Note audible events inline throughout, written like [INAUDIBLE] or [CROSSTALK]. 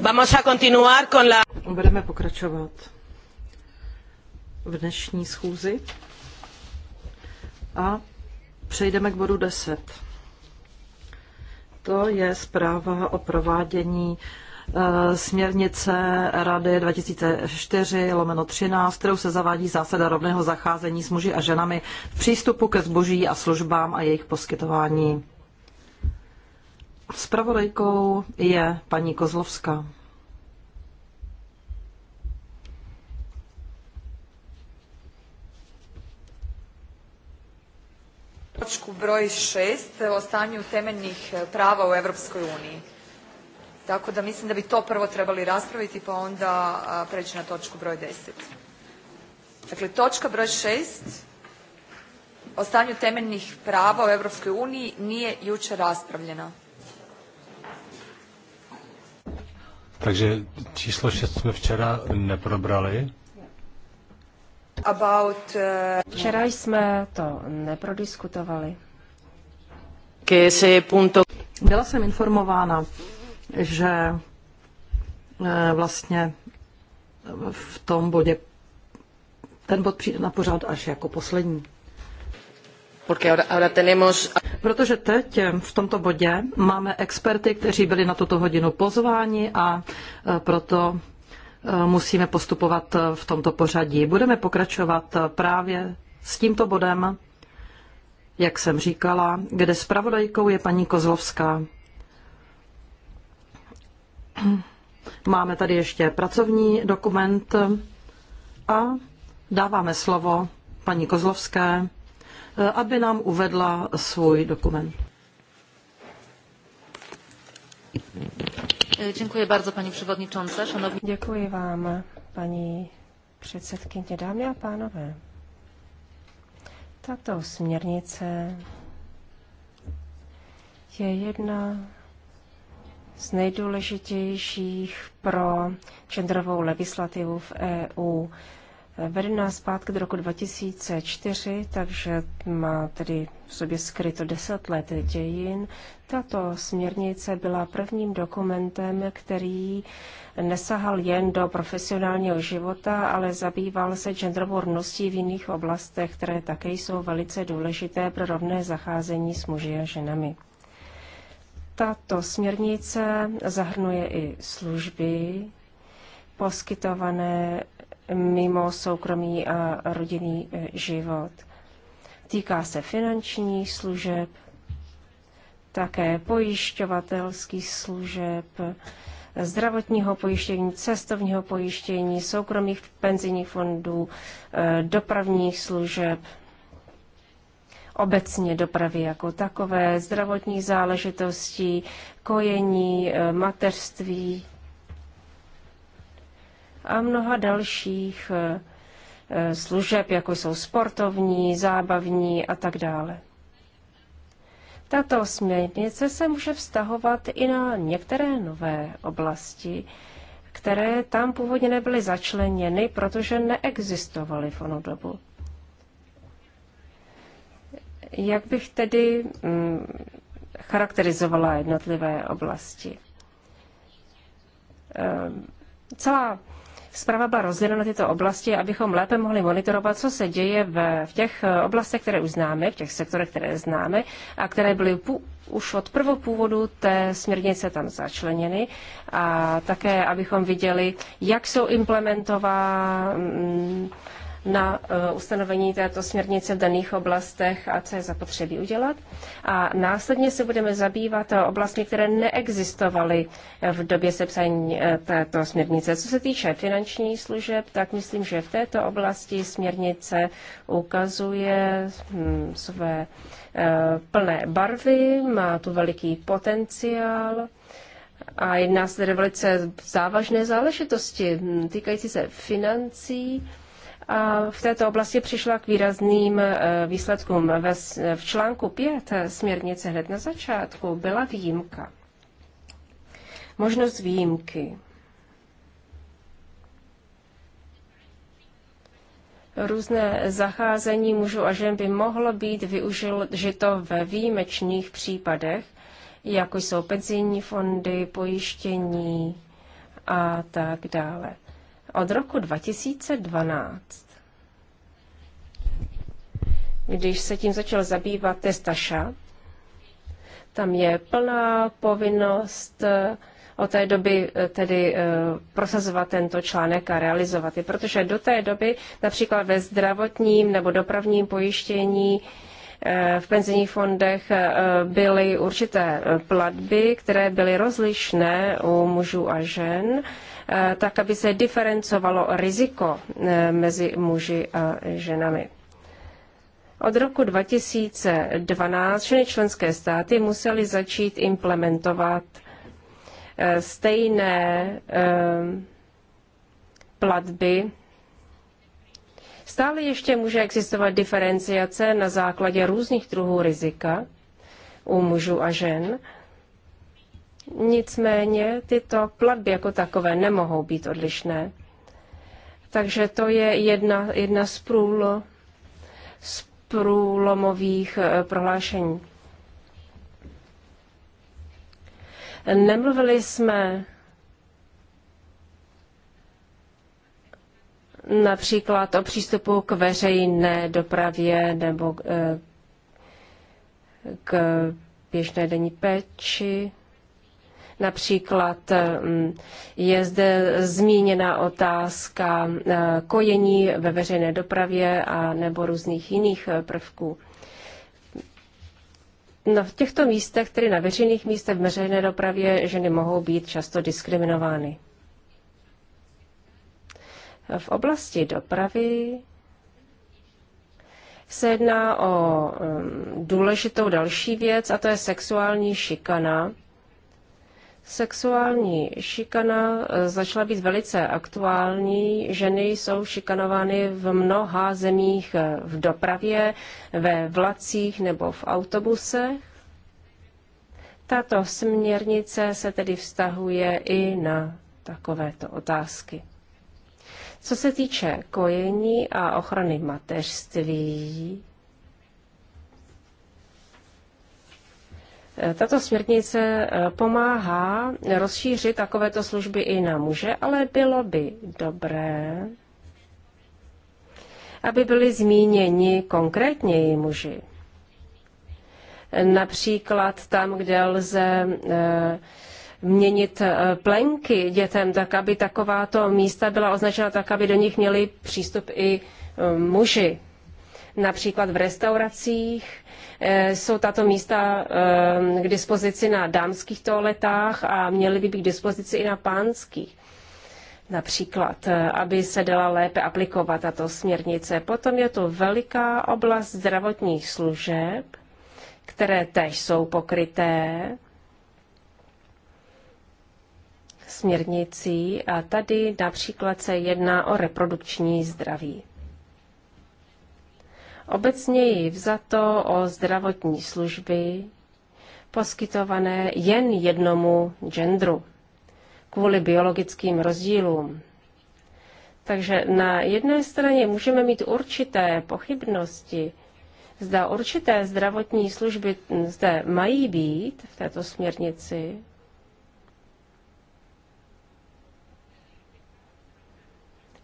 Vamos a continuar con la... Budeme pokračovat v dnešní schůzi a přejdeme k bodu 10. To je zpráva o provádění eh, směrnice Rady 2004 lomeno 13, kterou se zavádí zásada rovného zacházení s muži a ženami v přístupu ke zboží a službám a jejich poskytování. Spravodajkou je paní Kozlovská. točku broj 6 eh, o stanju temeljnih eh, prava u Europskoj uniji. Tako da mislim da bi to prvo trebali raspraviti pa onda eh, preći na točku broj 10. Dakle, točka broj 6 o stanju temeljnih prava u Europskoj uniji nije jučer raspravljena. Takže číslo 6 jsme včera neprobrali. About, uh... Včera jsme to neprodiskutovali. Byla jsem informována, že eh, vlastně v tom bodě ten bod přijde na pořád až jako poslední. Protože teď v tomto bodě máme experty, kteří byli na tuto hodinu pozváni a e, proto e, musíme postupovat v tomto pořadí. Budeme pokračovat e, právě s tímto bodem, jak jsem říkala, kde zpravodajkou je paní Kozlovská. Máme tady ještě pracovní dokument a dáváme slovo paní Kozlovské Eh, aby nám uvedla svůj dokument. Eh, Děkuji bardzo, paní przewodnicząca. Szanowni... Děkuji vám, paní předsedkyně, dámy a pánové. Tato směrnice je jedna z nejdůležitějších pro genderovou legislativu v EU. Vede nás zpátky do roku 2004, takže má tedy v sobě skryto deset let dějin. Tato směrnice byla prvním dokumentem, který nesahal jen do profesionálního života, ale zabýval se genderovou rovností v jiných oblastech, které také jsou velice důležité pro rovné zacházení s muži a ženami. Tato směrnice zahrnuje i služby poskytované mimo soukromý a rodinný e, život. Týká se finančních služeb, také pojišťovatelských služeb, zdravotního pojištění, cestovního pojištění, soukromých penzijních fondů, e, dopravních služeb, obecně dopravy jako takové, zdravotních záležitostí, kojení, e, mateřství, a mnoha dalších eh, eh, služeb, jako jsou sportovní, zábavní a tak dále. Tato směrnice se může vztahovat i na některé nové oblasti, které tam původně nebyly začleněny, protože neexistovaly v onu dobu. Jak bych tedy mm, charakterizovala jednotlivé oblasti? Ehm, celá Zpráva byla rozdělena na tyto oblasti, abychom lépe mohli monitorovat, co se děje v, v těch eh, oblastech, které už známe, v těch sektorech, které známe a které byly pů, už od prvopůvodu té směrnice tam začleněny a také, abychom viděli, jak jsou implementovány mm, na eh, ustanovení této směrnice v daných oblastech a co je zapotřebí udělat. A následně se budeme zabývat oblastmi, které neexistovaly eh, v době sepsání eh, této směrnice. Co se týče finanční služeb, tak myslím, že v této oblasti směrnice ukazuje hm, své plné barvy, má tu veliký potenciál. A jedná se tedy velice závažné záležitosti hm, týkající se financí, a v této oblasti přišla k výrazným eh, výsledkům. V článku 5 eh, směrnice hned na začátku byla výjimka. Možnost výjimky. Různé zacházení mužů a žen by mohlo být využito ve výjimečných případech, jako jsou penzijní fondy, pojištění a tak dále od roku 2012, když se tím začal zabývat testaša, tam je plná povinnost eh, od té doby eh, tedy eh, prosazovat tento článek a realizovat je, protože do té doby například ve zdravotním nebo dopravním pojištění v penzijních fondech byly určité platby, které byly rozlišné u mužů a žen Eh, tak aby se diferencovalo riziko eh, mezi muži a ženami. Od roku 2012 všechny členské státy musely začít implementovat eh, stejné platby. Stále ještě může existovat diferenciace na základě různých druhů rizika u mužů a žen Nicméně tyto platby jako takové nemohou být odlišné. Takže to je jedna, jedna z, průlo, z průlomových eh, prohlášení. Nemluvili jsme například o přístupu k veřejné dopravě nebo eh, k běžné denní péči. Například mm, je zde zmíněna otázka eh, kojení ve veřejné dopravě a nebo různých jiných eh, prvků. Na no, těchto místech, tedy na veřejných místech v veřejné dopravě, ženy mohou být často diskriminovány. V oblasti dopravy se jedná o mm, důležitou další věc, a to je sexuální šikana Sexuální šikana eh, začala být velice aktuální. Ženy jsou šikanovány v mnoha zemích eh, v dopravě, ve vlacích nebo v autobusech. Tato směrnice se tedy vztahuje i na takovéto otázky. Co se týče kojení a ochrany mateřství, Tato směrnice eh, pomáhá rozšířit takovéto služby i na muže, ale bylo by dobré, aby byli zmíněni konkrétněji muži. Například tam, kde lze eh, měnit eh, plenky dětem, tak aby takováto místa byla označena tak, aby do nich měli přístup i muži. Například v restauracích Eh, jsou tato místa eh, k dispozici na dámských toaletách a měly by být k dispozici i na pánských například, eh, aby se dala lépe aplikovat tato směrnice. Potom je to veliká oblast zdravotních služeb, které tež jsou pokryté směrnicí a tady například se jedná o reprodukční zdraví. Obecněji vzato o zdravotní služby poskytované jen jednomu genderu kvůli biologickým rozdílům. Takže na jedné straně můžeme mít určité pochybnosti, zda určité zdravotní služby zde mají být v této směrnici.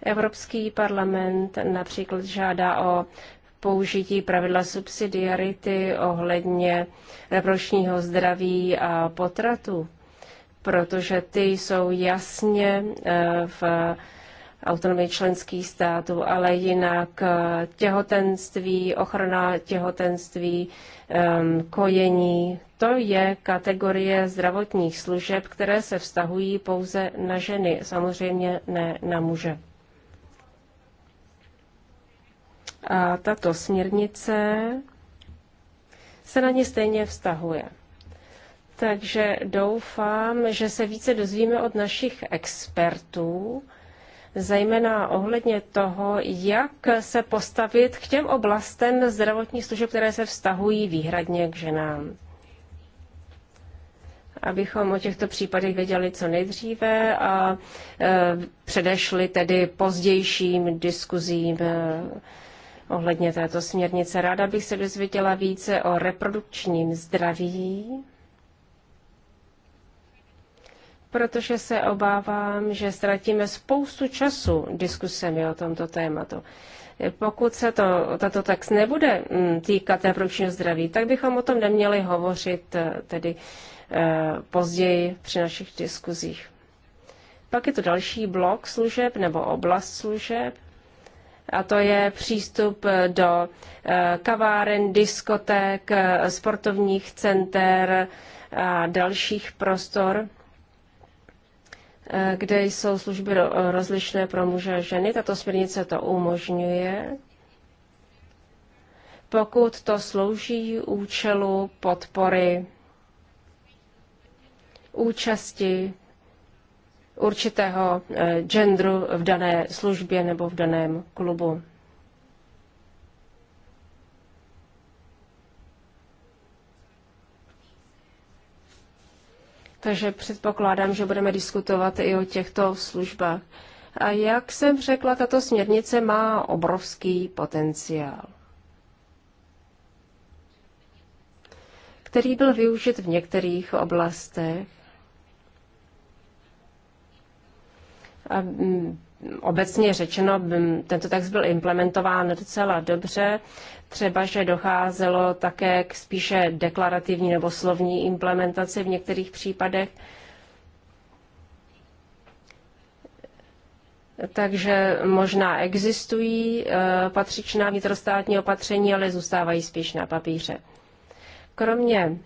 Evropský parlament například žádá o použití pravidla subsidiarity ohledně repročního zdraví a potratu, protože ty jsou jasně eh, v autonomii členských států, ale jinak eh, těhotenství, ochrana těhotenství, ehm, kojení, to je kategorie zdravotních služeb, které se vztahují pouze na ženy, samozřejmě ne na muže. A tato směrnice se na ně stejně vztahuje. Takže doufám, že se více dozvíme od našich expertů, zejména ohledně toho, jak se postavit k těm oblastem zdravotních služeb, které se vztahují výhradně k ženám. Abychom o těchto případech věděli co nejdříve a e, předešli tedy pozdějším diskuzím. E, ohledně této směrnice. Ráda bych se dozvěděla více o reprodukčním zdraví, protože se obávám, že ztratíme spoustu času diskusemi o tomto tématu. Pokud se to, tato text nebude mm, týkat reprodukčního zdraví, tak bychom o tom neměli hovořit eh, tedy eh, později při našich diskuzích. Pak je to další blok služeb nebo oblast služeb, a to je přístup do eh, kaváren, diskoték, sportovních center a dalších prostor, eh, kde jsou služby rozlišné pro muže a ženy. Tato směrnice to umožňuje pokud to slouží účelu podpory účasti určitého eh, genderu v dané službě nebo v daném klubu. Takže předpokládám, že budeme diskutovat i o těchto službách. A jak jsem řekla, tato směrnice má obrovský potenciál, který byl využit v některých oblastech Mm, obecně řečeno, tento text byl implementován docela dobře, třeba, že docházelo také k spíše deklarativní nebo slovní implementaci v některých případech. Takže možná existují e, patřičná vnitrostátní opatření, ale zůstávají spíš na papíře. Kromě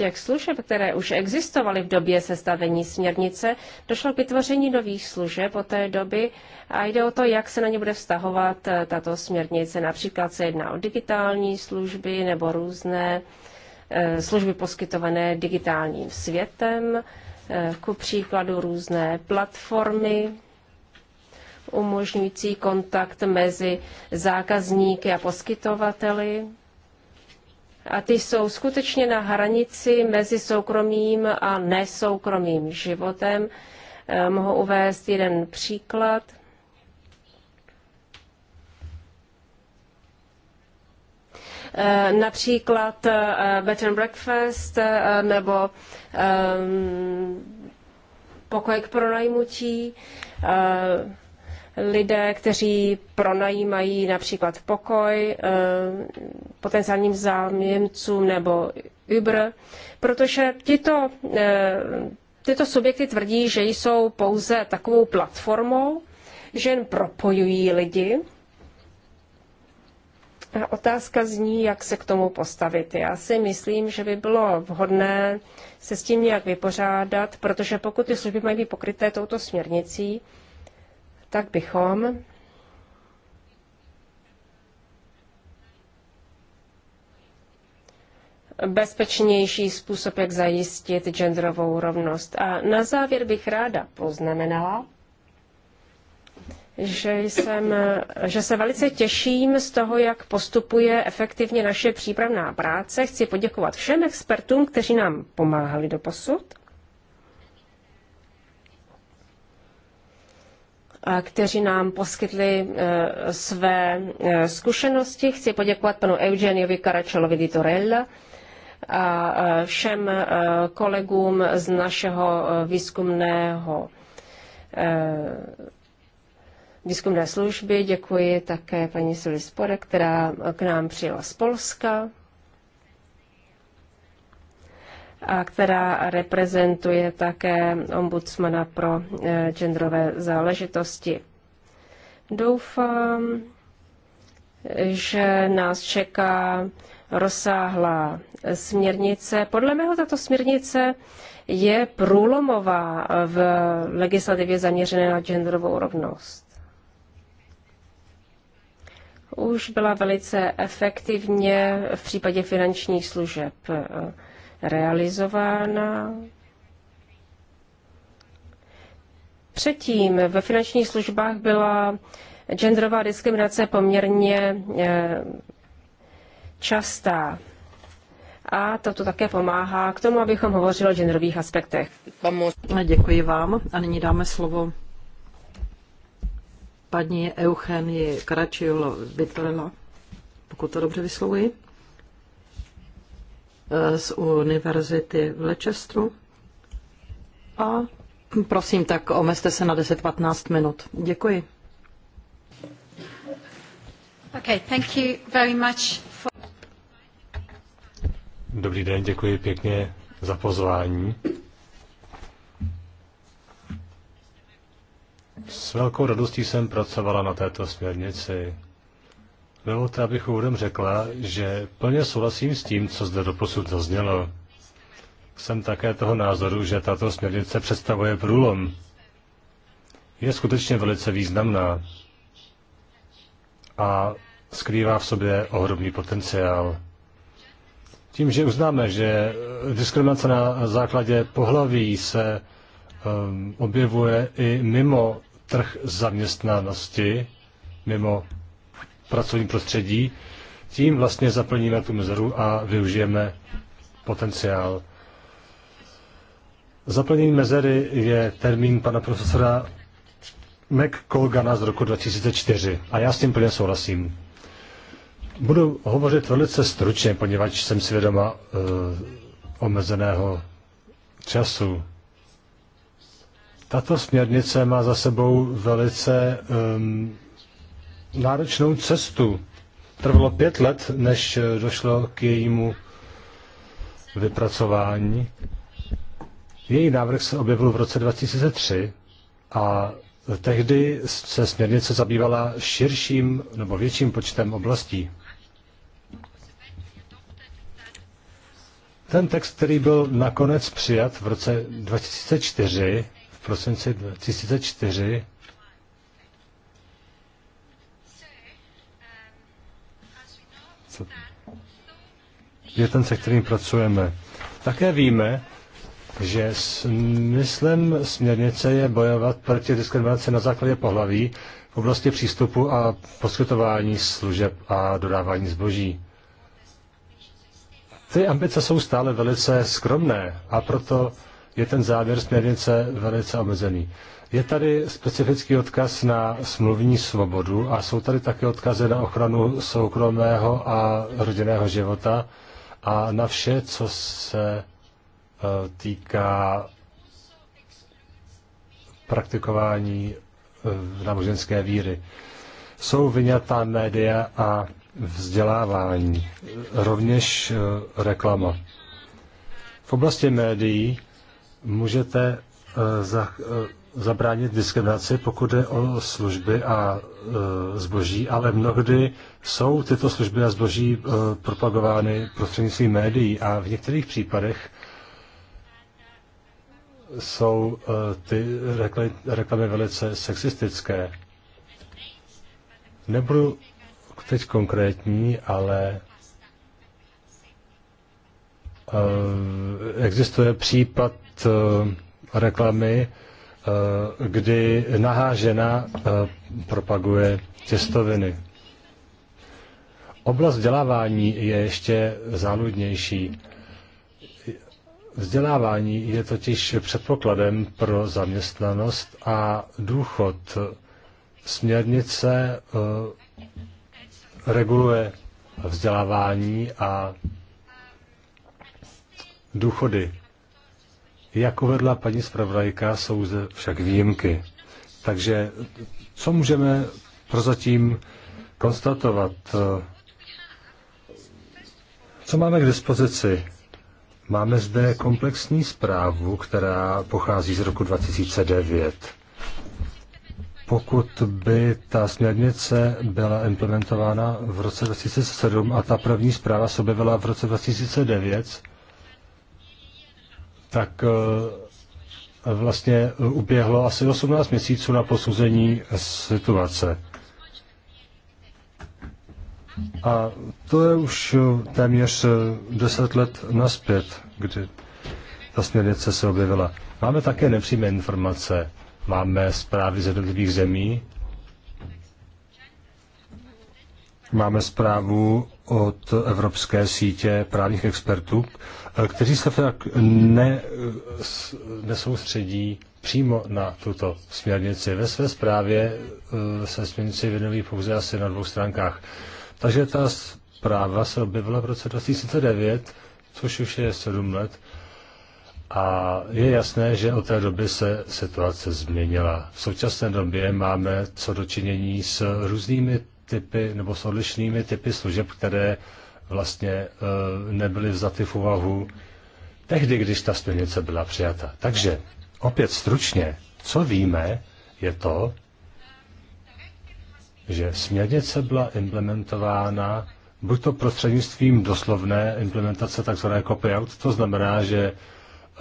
těch služeb, které už existovaly v době sestavení směrnice, došlo k vytvoření nových služeb od té doby a jde o to, jak se na ně bude vztahovat eh, tato směrnice. Například se jedná o digitální služby nebo různé eh, služby poskytované digitálním světem, eh, ku příkladu různé platformy umožňující kontakt mezi zákazníky a poskytovateli a ty jsou skutečně na hranici mezi soukromým a nesoukromým životem. Eh, mohu uvést jeden příklad. Eh, například eh, bed and breakfast nebo ehm, pokoj k pronajmutí lidé, kteří pronajímají například pokoj eh, potenciálním zájemcům nebo Uber, protože tyto, eh, tyto subjekty tvrdí, že jsou pouze takovou platformou, že jen propojují lidi. A otázka zní, jak se k tomu postavit. Já si myslím, že by bylo vhodné se s tím nějak vypořádat, protože pokud ty služby mají být pokryté touto směrnicí, tak bychom bezpečnější způsob, jak zajistit genderovou rovnost. A na závěr bych ráda poznamenala, že, jsem, že se velice těším z toho, jak postupuje efektivně naše přípravná práce. Chci poděkovat všem expertům, kteří nám pomáhali do posud. kteří nám poskytli e, své e, zkušenosti. Chci poděkovat panu Eugeniovi Karačelovi di Torella a e, všem kolegům z našeho výzkumného výzkumné služby. Děkuji také paní Sulispore, která k nám přijela z Polska a která reprezentuje také ombudsmana pro eh, genderové záležitosti. Doufám, že nás čeká rozsáhlá směrnice. Podle mého tato směrnice je průlomová v legislativě zaměřené na genderovou rovnost. Už byla velice efektivně v případě finančních služeb eh, realizována. Předtím ve finančních službách byla genderová diskriminace poměrně eh, častá. A toto také pomáhá k tomu, abychom hovořili o genderových aspektech. Děkuji vám a nyní dáme slovo paní Eugenie Karačiolo Vitorela, pokud to dobře vyslovuji. Eh, z univerzity v Leicesteru. A prosím, tak omezte se na 10-15 minut. Děkuji. Okay, thank you very much for... Dobrý den, děkuji pěkně za pozvání. S velkou radostí jsem pracovala na této směrnici. Dovolte, abych úvodem řekla, že plně souhlasím s tím, co zde doposud zaznělo. Jsem také toho názoru, že tato směrnice představuje průlom. Je skutečně velice významná a skrývá v sobě ohromný potenciál. Tím, že uznáme, že diskriminace na základě pohlaví se um, objevuje i mimo trh zaměstnanosti, mimo pracovním prostředí, tím vlastně zaplníme tu mezeru a využijeme potenciál. Zaplnění mezery je termín pana profesora McColgana z roku 2004 a já s tím plně souhlasím. Budu hovořit velice stručně, poněvadž jsem si vědoma e, omezeného času. Tato směrnice má za sebou velice um, e, náročnou cestu. Trvalo pět let, než došlo k jejímu vypracování. Její návrh se objevil v roce 2003 a tehdy se směrnice zabývala širším nebo větším počtem oblastí. Ten text, který byl nakonec přijat v roce 2004, v prosinci 2004, je ten, se kterým pracujeme. Také víme, že smyslem směrnice je bojovat proti diskriminaci na základě pohlaví v oblasti přístupu a poskytování služeb a dodávání zboží. Ty ambice jsou stále velice skromné a proto je ten závěr směrnice velice omezený. Je tady specifický odkaz na smluvní svobodu a jsou tady také odkazy na ochranu soukromého a rodinného života a na vše, co se e, týká praktikování e, náboženské víry. Jsou vyňatá média a vzdělávání, rovněž e, reklama. V oblasti médií můžete zabránit diskriminaci, pokud jde o služby a e, zboží, ale mnohdy jsou tyto služby a zboží e, propagovány prostřednictvím médií a v některých případech jsou e, ty reklamy, reklamy velice sexistické. Nebudu teď konkrétní, ale e, existuje případ e, reklamy, Eh, kdy nahá žena eh, propaguje těstoviny. Oblast vzdělávání je ještě záludnější. Vzdělávání je totiž předpokladem pro zaměstnanost a důchod. Směrnice eh, reguluje vzdělávání a důchody. Jak uvedla paní zpravodajka, jsou zde však výjimky. Takže co můžeme prozatím konstatovat? Co máme k dispozici? Máme zde komplexní zprávu, která pochází z roku 2009. Pokud by ta směrnice byla implementována v roce 2007 a ta první zpráva se objevila v roce 2009, tak eh, vlastně uběhlo asi 18 měsíců na posouzení situace. A to je už téměř 10 eh, let naspět, kdy ta směrnice se objevila. Máme také nepřímé informace. Máme zprávy z jednotlivých zemí. Máme zprávu od Evropské sítě právních expertů, Eh, kteří se tak ne, nesoustředí přímo na tuto směrnici. Ve své zprávě eh, se směrnici věnují pouze asi na dvou stránkách. Takže ta zpráva se objevila v roce 2009, což už je sedm let, a je jasné, že od té doby se situace změnila. V současné době máme co dočinění s různými typy nebo s odlišnými typy služeb, které vlastně eh, nebyly vzaty v úvahu tehdy, když ta směrnice byla přijata. Takže opět stručně, co víme, je to, že směrnice byla implementována buď to prostřednictvím doslovné implementace takzvané copy-out, to znamená, že eh,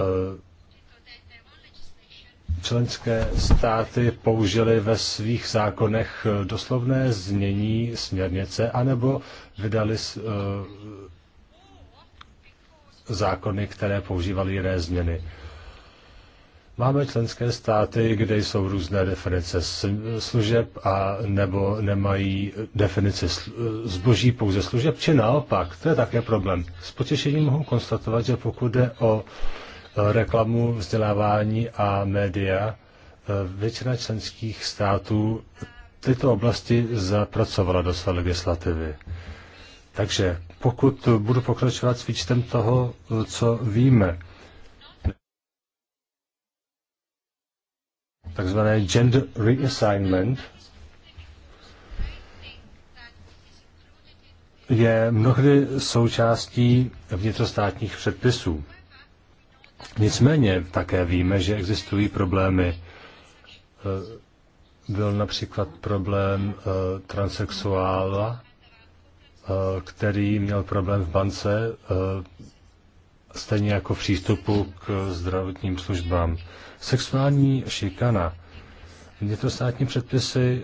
členské státy použily ve svých zákonech doslovné znění směrnice, anebo vydali eh, zákony, které používaly jiné změny. Máme členské státy, kde jsou různé definice služeb a nebo nemají definice eh, zboží pouze služeb, či naopak. To je také problém. S potěšením mohu konstatovat, že pokud jde o reklamu, vzdělávání a média, většina členských států tyto oblasti zapracovala do své legislativy. Takže pokud budu pokračovat s výčtem toho, co víme, takzvané gender reassignment, je mnohdy součástí vnitrostátních předpisů. Nicméně také víme, že existují problémy. Eh, byl například problém eh, transexuála, eh, který měl problém v bance, stejně jako v přístupu k zdravotním službám. Sexuální šikana. Vnitrostátní předpisy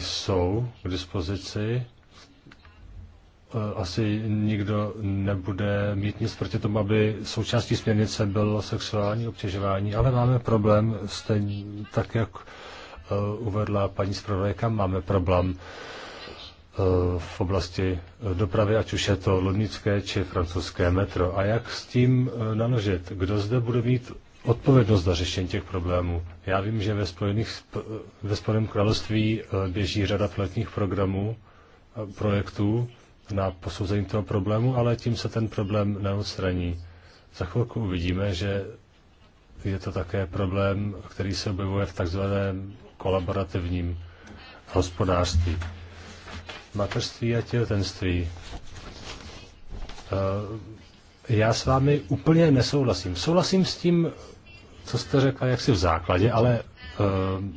jsou k dispozici Eh, asi nikdo nebude mít nic proti tomu, aby součástí směrnice bylo sexuální obtěžování, ale máme problém, stejně tak, jak eh, uvedla paní zpravodajka, máme problém eh, v oblasti dopravy, ať už je to lodnické či francouzské metro. A jak s tím naložit? Kdo zde bude mít odpovědnost za řešení těch problémů? Já vím, že ve, Spojených, ve Spojeném království běží řada pilotních programů, projektů, na posouzení toho problému, ale tím se ten problém neodstraní. Za chvilku uvidíme, že je to také problém, který se objevuje v takzvaném kolaborativním hospodářství. Mateřství a těhotenství. Eh, já s vámi úplně nesouhlasím. Souhlasím s tím, co jste řekla, jak si v základě, ale eh,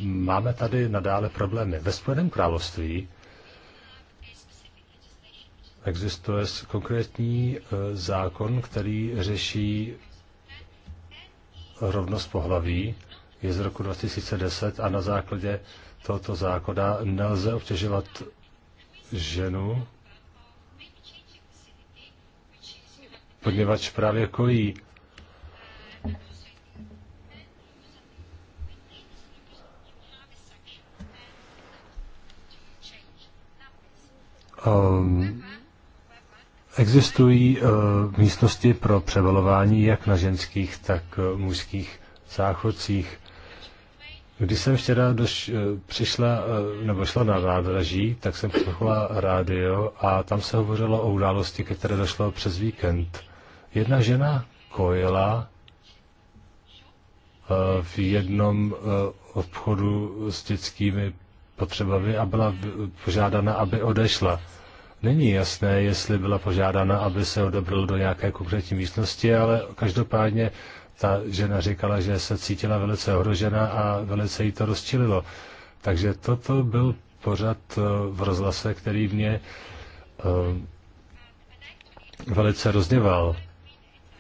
máme tady nadále problémy. Ve Spojeném království Existuje konkrétní e, zákon, který řeší rovnost pohlaví, je z roku 2010 a na základě tohoto zákona nelze obtěžovat ženu, poněvadž právě kojí. Um, Existují eh, místnosti pro převalování jak na ženských, tak eh, mužských záchodcích. Když jsem včera doš, eh, přišla, nebo šla na nádraží, tak jsem poslouchala rádio a tam se hovořilo o události, které došlo přes víkend. Jedna žena kojela v jednom obchodu s dětskými potřebami a byla požádána, aby odešla. Není jasné, jestli byla požádána, aby se odobrilo do nějaké konkrétní místnosti, ale každopádně ta žena říkala, že se cítila velice ohrožena a velice jí to rozčililo. Takže toto byl pořad eh, v rozhlase, který mě eh, velice rozněval.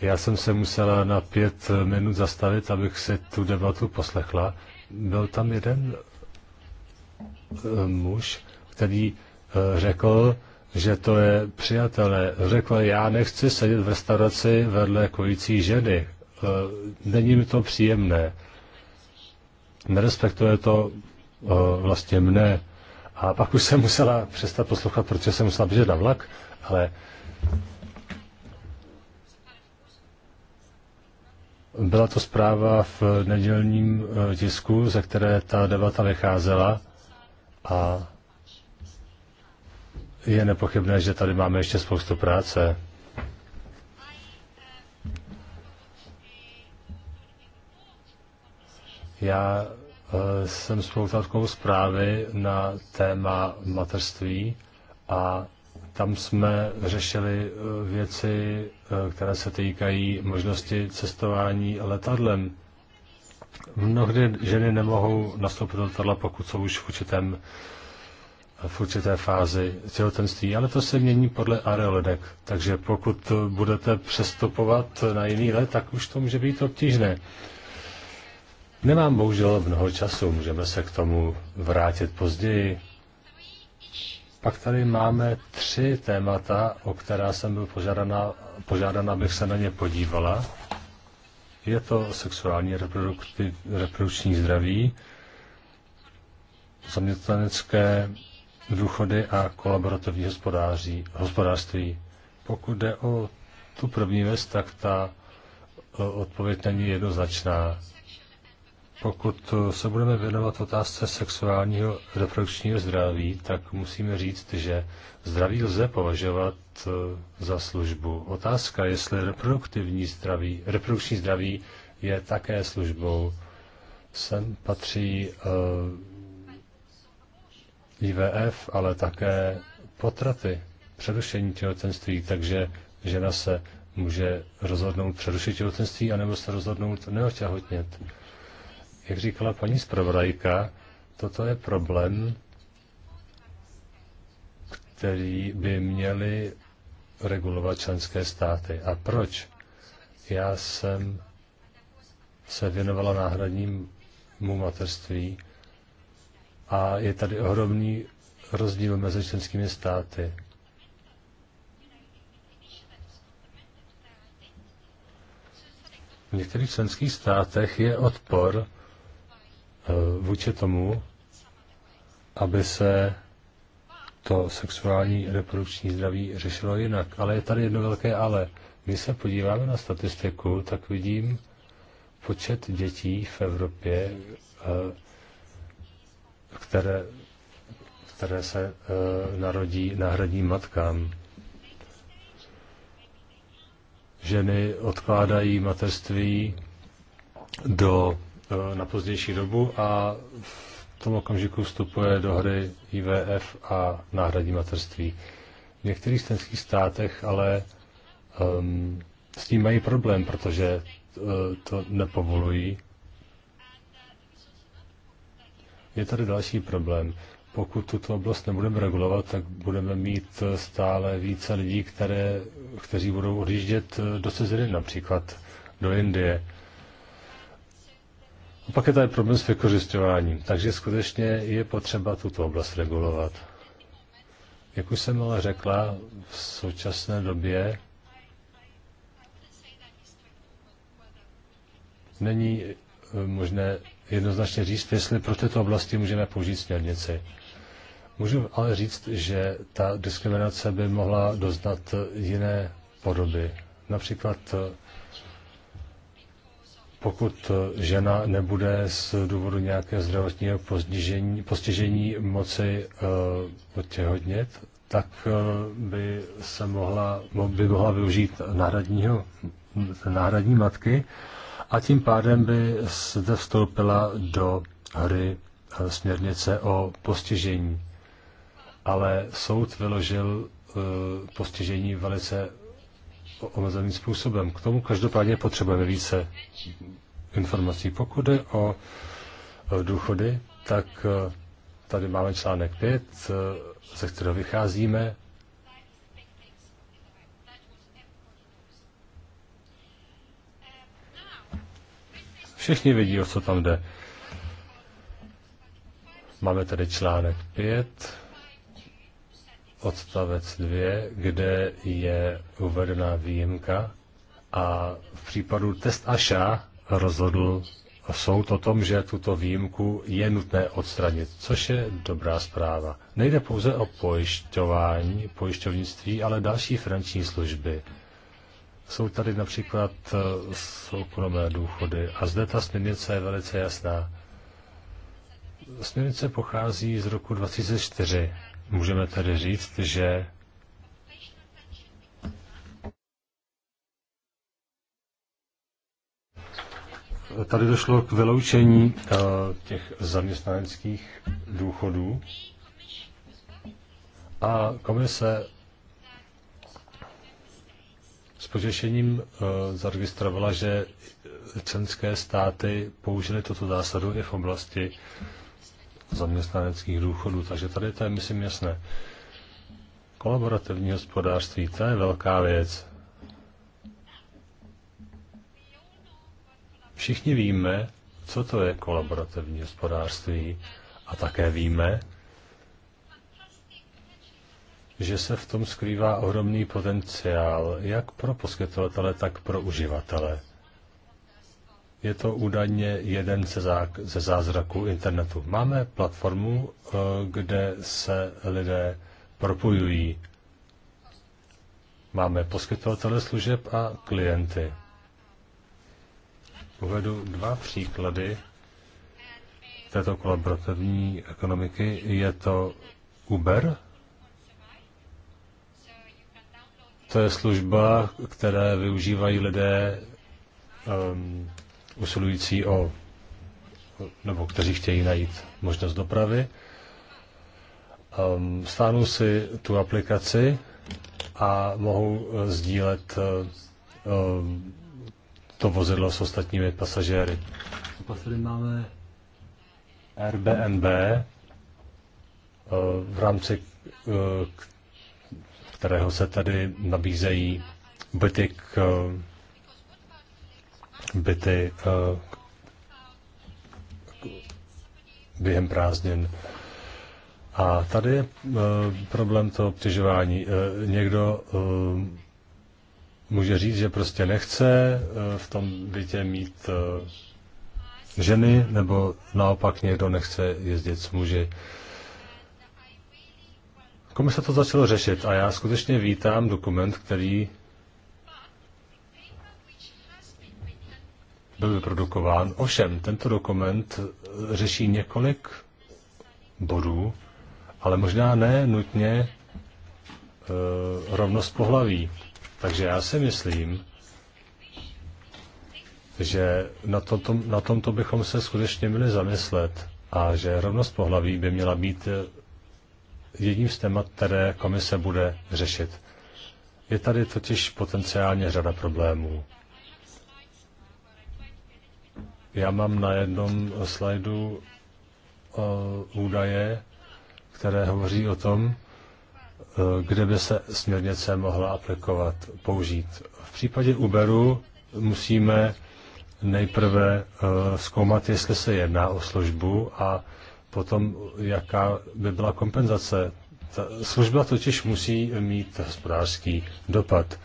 Já jsem se musela na pět minut zastavit, abych se tu debatu poslechla. Byl tam jeden eh, muž, který řekl, že to je přijatelé. Řekl, já nechci sedět v restauraci vedle kojící ženy. E, není mi to příjemné. Nerespektuje to e, vlastně mne. A pak už jsem musela přestat poslouchat, protože jsem musela běžet na vlak, ale byla to zpráva v nedělním e, tisku, ze které ta debata vycházela a je nepochybné, že tady máme ještě spoustu práce. Já eh, jsem takovou zprávy na téma materství a tam jsme řešili eh, věci, eh, které se týkají možnosti cestování letadlem. Mnohdy ženy nemohou nastoupit do letadla, pokud jsou už v určitém v určité fázi těhotenství, ale to se mění podle areoledek. Takže pokud budete přestupovat na jiný let, tak už to může být obtížné. Nemám bohužel mnoho času, můžeme se k tomu vrátit později. Pak tady máme tři témata, o která jsem byl požádán, abych se na ně podívala. Je to sexuální reprodukční zdraví, zaměstnanecké důchody a kolaborativní hospodáří, hospodářství. Pokud jde o tu první věc, tak ta e, odpověď není jednoznačná. Pokud se budeme věnovat otázce sexuálního reprodukčního zdraví, tak musíme říct, že zdraví lze považovat e, za službu. Otázka, jestli reproduktivní zdraví, reprodukční zdraví je také službou, sem patří e, IVF, ale také potraty, přerušení těhotenství, takže žena se může rozhodnout přerušit těhotenství anebo se rozhodnout neotěhotnět. Jak říkala paní zpravodajka, toto je problém, který by měly regulovat členské státy. A proč? Já jsem se věnovala náhradnímu mateřství a je tady ohromný rozdíl mezi členskými státy. V některých členských státech je odpor eh, vůči tomu, aby se to sexuální reprodukční zdraví řešilo jinak. Ale je tady jedno velké ale. Když se podíváme na statistiku, tak vidím počet dětí v Evropě, eh, které, které se eh, narodí náhradním matkám. Ženy odkládají mateřství do, eh, na pozdější dobu a v tom okamžiku vstupuje do hry IVF a náhradní mateřství. V některých stenských státech ale um, s tím mají problém, protože uh, to nepovolují je tady další problém. Pokud tuto oblast nebudeme regulovat, tak budeme mít stále více lidí, které, kteří budou odjíždět eh, do ciziny, například do Indie. A pak je tady problém s vykořišťováním, takže skutečně je potřeba tuto oblast regulovat. Jak už jsem ale řekla, v současné době není eh, možné jednoznačně říct, jestli pro této oblasti můžeme použít směrnici. Můžu ale říct, že ta diskriminace by mohla doznat jiné podoby. Například pokud žena nebude z důvodu nějakého zdravotního postižení, moci eh, otěhodnit, tak eh, by se mohla, by mohla využít náhradního, náhradní matky a tím pádem by zde vstoupila do hry eh, směrnice o postižení. Ale soud vyložil eh, postižení velice omezeným způsobem. K tomu každopádně potřebujeme více informací. Pokud jde o eh, důchody, tak tady máme článek 5, ze kterého vycházíme. Všichni vidí, o co tam jde. Máme tady článek 5, odstavec 2, kde je uvedená výjimka a v případu test Aša rozhodl soud o tom, že tuto výjimku je nutné odstranit, což je dobrá zpráva. Nejde pouze o pojišťování, pojišťovnictví, ale další finanční služby. Jsou tady například eh, soukromé důchody a zde ta směrnice je velice jasná. Směrnice pochází z roku 2004. Můžeme tedy říct, že tady došlo k vyloučení eh, těch zaměstnaneckých důchodů a komise s potěšením eh, zaregistrovala, že členské státy použily toto zásadu i v oblasti zaměstnaneckých důchodů. Takže tady to je, myslím, jasné. Kolaborativní hospodářství, to je velká věc. Všichni víme, co to je kolaborativní hospodářství a také víme, že se v tom skrývá ohromný potenciál, jak pro poskytovatele, tak pro uživatele. Je to údajně jeden ze, zázraků internetu. Máme platformu, eh, kde se lidé propojují. Máme poskytovatele služeb a klienty. Uvedu dva příklady této kolaborativní ekonomiky. Je to Uber, To je služba, které využívají lidé um, usilující o, nebo kteří chtějí najít možnost dopravy. Um, stáhnou si tu aplikaci a mohou uh, sdílet uh, um, to vozidlo s ostatními pasažéry. A pak tady máme Airbnb, uh, v rámci kterého se tady nabízejí byty k byty k, eh, během prázdnin. A tady je eh, problém toho obtěžování. Eh, někdo může říct, že prostě nechce v tom bytě mít ženy, nebo naopak někdo nechce jezdit s muži. Komise to začalo řešit a já skutečně vítám dokument, který byl vyprodukován. Ovšem, tento dokument řeší několik bodů, ale možná ne nutně e, rovnost pohlaví. Takže já si myslím, že na, to, tom, na tomto bychom se skutečně měli zamyslet a že rovnost pohlaví by měla být jedním z témat, které komise bude řešit. Je tady totiž potenciálně řada problémů. Já mám na jednom slajdu eh, údaje, které hovoří o tom, eh, kde by se směrnice mohla aplikovat, použít. V případě Uberu musíme nejprve eh, zkoumat, jestli se jedná o službu a potom, jaká by byla kompenzace. Ta služba totiž musí mít hospodářský dopad.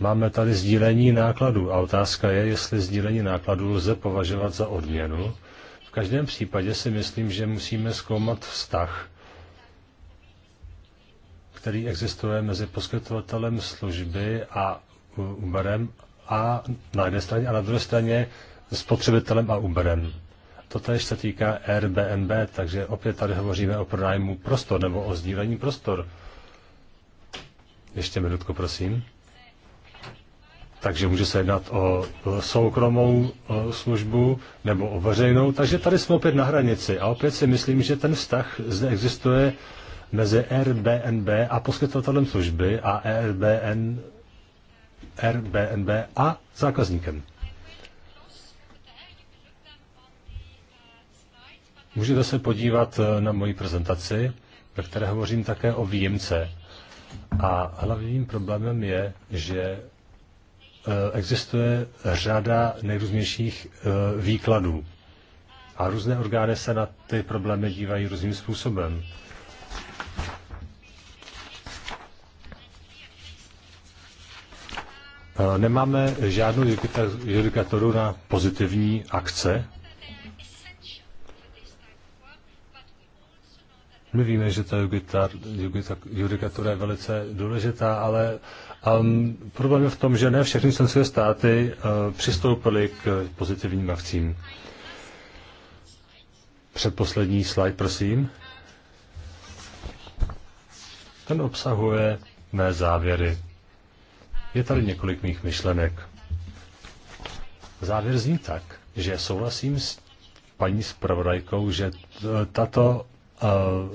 Máme tady sdílení nákladů a otázka je, jestli sdílení nákladů lze považovat za odměnu. V každém případě si myslím, že musíme zkoumat vztah, který existuje mezi poskytovatelem služby a Uberem a na jedné straně a na druhé straně spotřebitelem a Uberem. Totež se týká Airbnb, takže opět tady hovoříme o pronájmu prostor nebo o sdílení prostor. Ještě minutku, prosím. Takže může se jednat o soukromou službu nebo o veřejnou. Takže tady jsme opět na hranici a opět si myslím, že ten vztah zde existuje mezi Airbnb a poskytovatelem služby a Airbnb, Airbnb a zákazníkem. Můžete se podívat eh, na moji prezentaci, ve které hovořím také o výjimce. A hlavním problémem je, že eh, existuje řada nejrůznějších eh, výkladů. A různé orgány se na ty problémy dívají různým způsobem. Nemáme žádnou judikatoru na pozitivní akce, My víme, že ta judikatura je velice důležitá, ale um, problém je v tom, že ne všechny členské státy uh, přistoupily k pozitivním akcím. Předposlední slide, prosím. Ten obsahuje mé závěry. Je tady několik mých myšlenek. Závěr zní tak, že souhlasím s paní zpravodajkou, že tato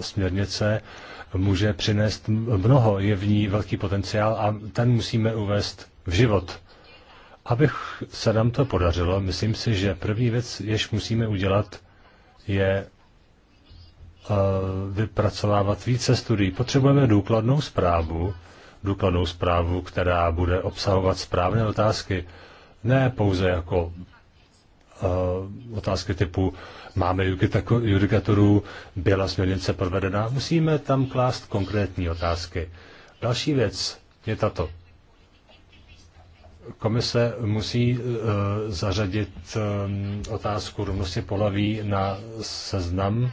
směrnice může přinést mnoho, je v ní velký potenciál a ten musíme uvést v život. Abych se nám to podařilo, myslím si, že první věc, jež musíme udělat, je vypracovávat více studií. Potřebujeme důkladnou zprávu, důkladnou zprávu, která bude obsahovat správné otázky, ne pouze jako otázky typu máme judikaturu, byla směrnice provedena, musíme tam klást konkrétní otázky. Další věc je tato. Komise musí uh, zařadit um, otázku rovnosti pohlaví na seznam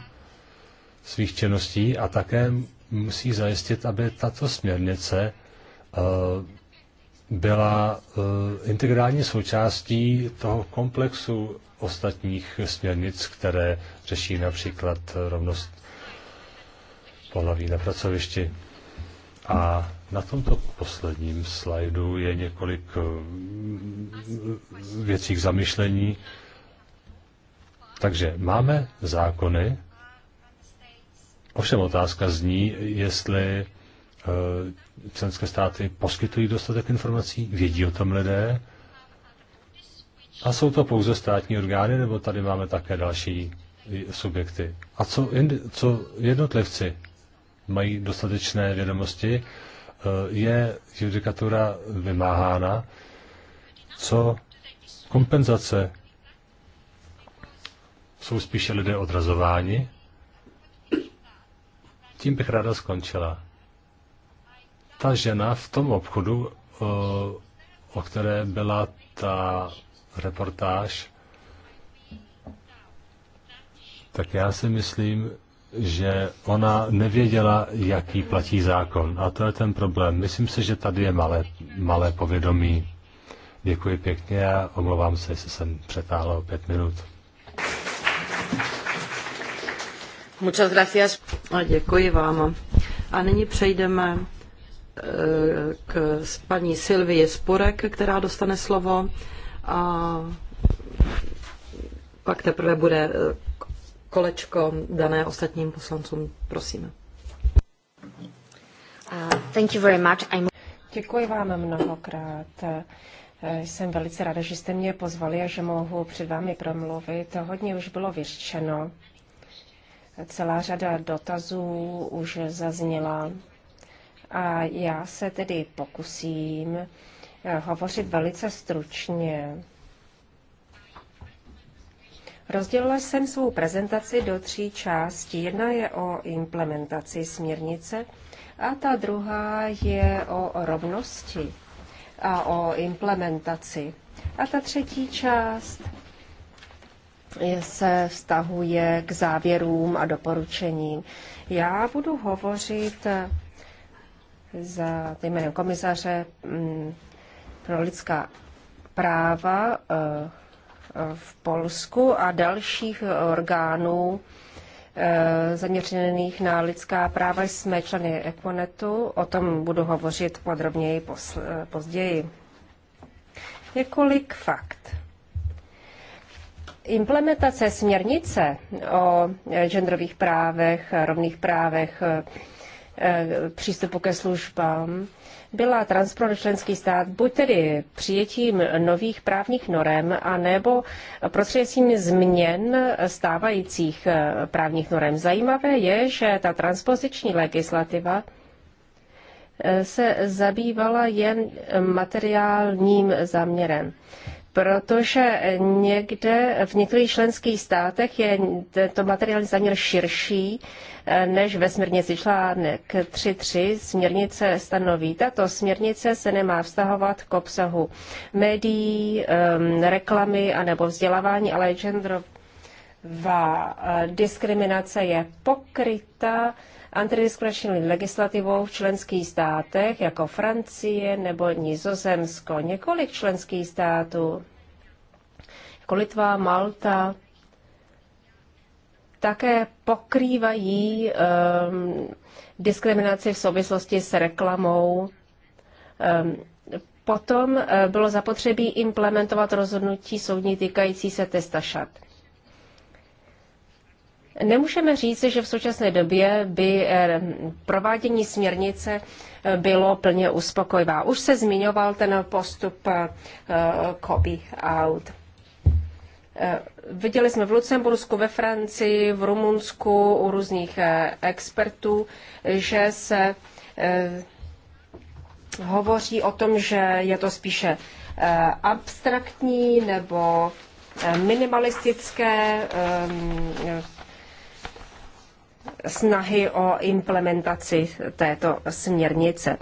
svých činností a také musí zajistit, aby tato směrnice uh, byla eh, integrální součástí toho komplexu ostatních směrnic, které řeší například rovnost pohlaví na pracovišti. A na tomto posledním slajdu je několik eh, věcí k zamyšlení. Takže máme zákony, ovšem otázka zní, jestli Eh, členské státy poskytují dostatek informací, vědí o tom lidé. A jsou to pouze státní orgány, nebo tady máme také další subjekty. A co, co jednotlivci mají dostatečné vědomosti, eh, je judikatura vymáhána, co kompenzace jsou spíše lidé odrazováni. Tím bych ráda skončila ta žena v tom obchodu, o které byla ta reportáž, tak já si myslím, že ona nevěděla, jaký platí zákon. A to je ten problém. Myslím si, že tady je malé, malé povědomí. Děkuji pěkně a omlouvám se, jestli jsem přetáhl o pět minut. Muchas gracias. A děkuji vám. A nyní přejdeme k paní Silvii Sporek, která dostane slovo a pak teprve bude kolečko dané ostatním poslancům. Prosím. Uh, thank you very much. I'm... Děkuji vám mnohokrát. Jsem velice ráda, že jste mě pozvali a že mohu před vámi promluvit. Hodně už bylo vyřčeno. Celá řada dotazů už zazněla a já se tedy pokusím eh, hovořit velice stručně. Rozdělila jsem svou prezentaci do tří částí. Jedna je o implementaci směrnice a ta druhá je o rovnosti a o implementaci. A ta třetí část se vztahuje k závěrům a doporučením. Já budu hovořit za jménem komisaře mm, pro lidská práva eh, v Polsku a dalších orgánů eh, zaměřených na lidská práva. Jsme členy Econetu, o tom budu hovořit podrobněji eh, později. Několik fakt. Implementace směrnice o genderových právech, rovných právech Eh, přístupu ke službám byla transport členský stát buď tedy přijetím nových právních norem, anebo prostřednictvím změn stávajících eh, právních norem. Zajímavé je, že ta transpoziční legislativa eh, se zabývala jen materiálním záměrem protože někde v některých členských státech je to materiální záměr širší eh, než ve směrnici článek 3.3 směrnice stanoví. Tato směrnice se nemá vztahovat k obsahu médií, ehm, reklamy anebo vzdělávání, ale genderová eh, diskriminace je pokryta antidiskriminační legislativou v členských státech, jako Francie nebo Nizozemsko. Několik členských států, jako Litva, Malta, také pokrývají um, diskriminaci v souvislosti s reklamou. Um, Potom eh, bylo zapotřebí implementovat rozhodnutí soudní týkající se testa šat. Nemůžeme říct, že v současné době by eh, provádění směrnice eh, bylo plně uspokojivá. Už se zmiňoval ten postup eh, copy-out. Viděli jsme v Lucembursku, ve Francii, v Rumunsku u různých expertů, že se hovoří o tom, že je to spíše abstraktní nebo minimalistické snahy o implementaci této směrnice.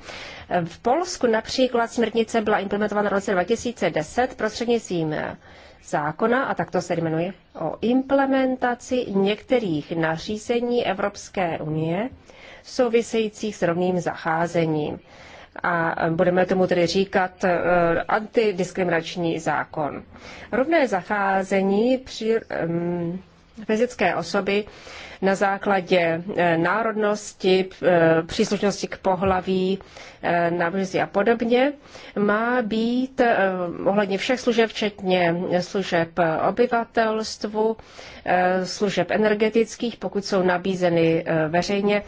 V Polsku například směrnice byla implementována v roce 2010 prostřednictvím zákona, a tak to se jmenuje, o implementaci některých nařízení Evropské unie souvisejících s rovným zacházením. A budeme tomu tedy říkat eh, antidiskriminační zákon. Rovné zacházení při, um, fyzické osoby na základě e, národnosti, e, příslušnosti k pohlaví, e, náboženství a podobně, má být ohledně všech služeb, včetně služeb obyvatelstvu, služeb energetických, pokud jsou nabízeny veřejně.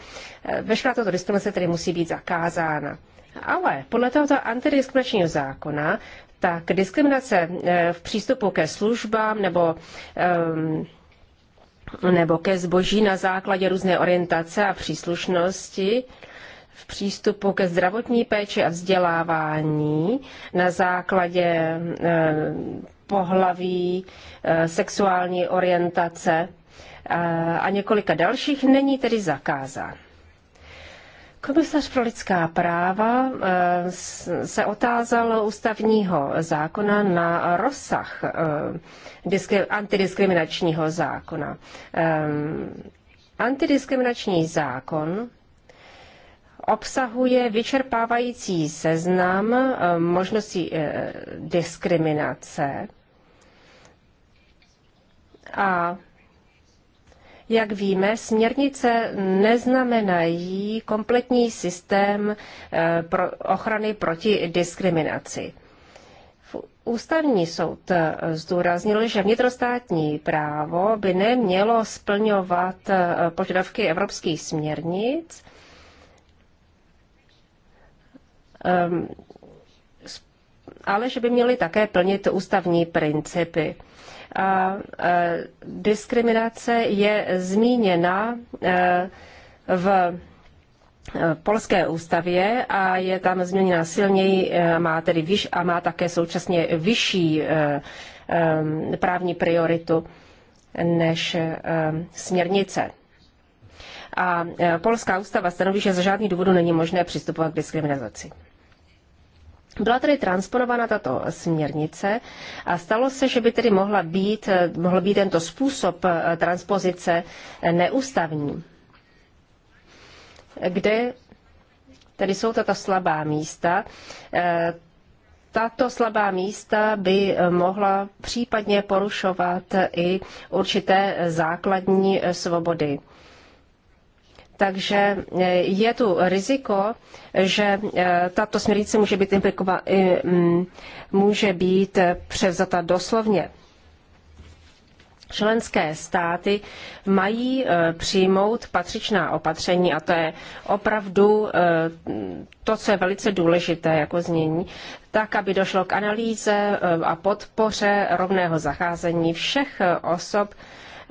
Veškerá tato diskriminace tedy musí být zakázána. Ale podle tohoto antidiskriminačního zákona tak diskriminace v přístupu ke službám nebo um, nebo ke zboží na základě různé orientace a příslušnosti v přístupu ke zdravotní péči a vzdělávání na základě eh, pohlaví, eh, sexuální orientace eh, a několika dalších není tedy zakázán. Komisař pro lidská práva eh, se otázal ústavního zákona na rozsah eh, antidiskriminačního zákona. Ehm, antidiskriminační zákon obsahuje vyčerpávající seznam eh, možností diskriminace a jak víme, směrnice neznamenají kompletní systém eh, ochrany proti diskriminaci. Ústavní soud eh, zdůraznil, že vnitrostátní právo by nemělo splňovat eh, požadavky evropských směrnic, ehm, ale že by měly také plnit ústavní principy a e, diskriminace je zmíněna e, v e, polské ústavě a je tam změněna silněji má tedy vyš, a má také současně vyšší právní prioritu než směrnice. A polská ústava stanoví, že za žádný důvodu není možné přistupovat k diskriminaci. Byla tedy transponována tato směrnice a stalo se, že by tedy mohla být, mohl být tento způsob eh, transpozice eh, neústavní. Kde tedy jsou tato slabá místa? Eh, tato slabá místa by mohla případně porušovat i určité základní svobody. Takže e, je tu riziko, že e, tato směrnice může být, může být převzata doslovně. Členské státy mají e, přijmout patřičná opatření a to je opravdu to, co je velice důležité jako znění, tak, aby došlo k analýze a podpoře rovného zacházení všech osob,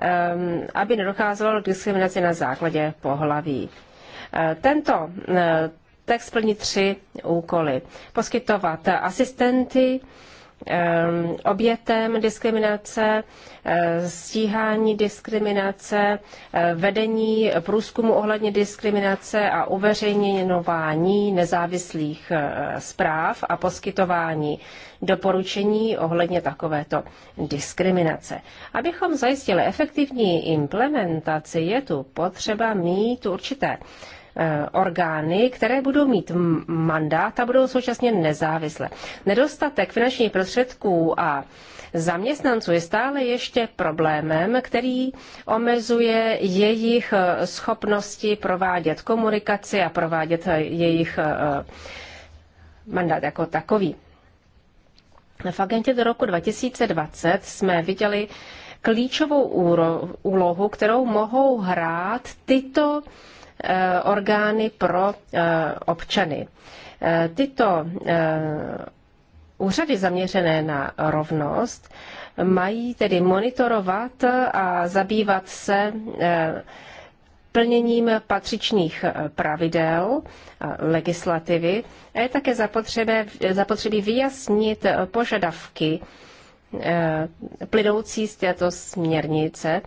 Ehm, aby nedocházelo k diskriminaci na základě pohlaví. Eh, tento eh, text plní tři úkoly. Poskytovat asistenty, Ehm, obětem diskriminace, eh, stíhání diskriminace, eh, vedení průzkumu ohledně diskriminace a uveřejňování nezávislých eh, zpráv a poskytování doporučení ohledně takovéto diskriminace. Abychom zajistili efektivní implementaci, je tu potřeba mít určité Eh, orgány, které budou mít mandát a budou současně nezávislé. Nedostatek finančních prostředků a zaměstnanců je stále ještě problémem, který omezuje jejich eh, schopnosti provádět komunikaci a provádět eh, jejich mandát jako takový. V agentě do roku 2020 jsme viděli klíčovou úlohu, kterou mohou hrát tyto Eh, orgány pro eh, občany. Eh, tyto úřady zaměřené na rovnost mají tedy monitorovat a zabývat se plněním patřičných pravidel a legislativy a je také zapotřebí, zapotřebí vyjasnit požadavky plynoucí z této směrnice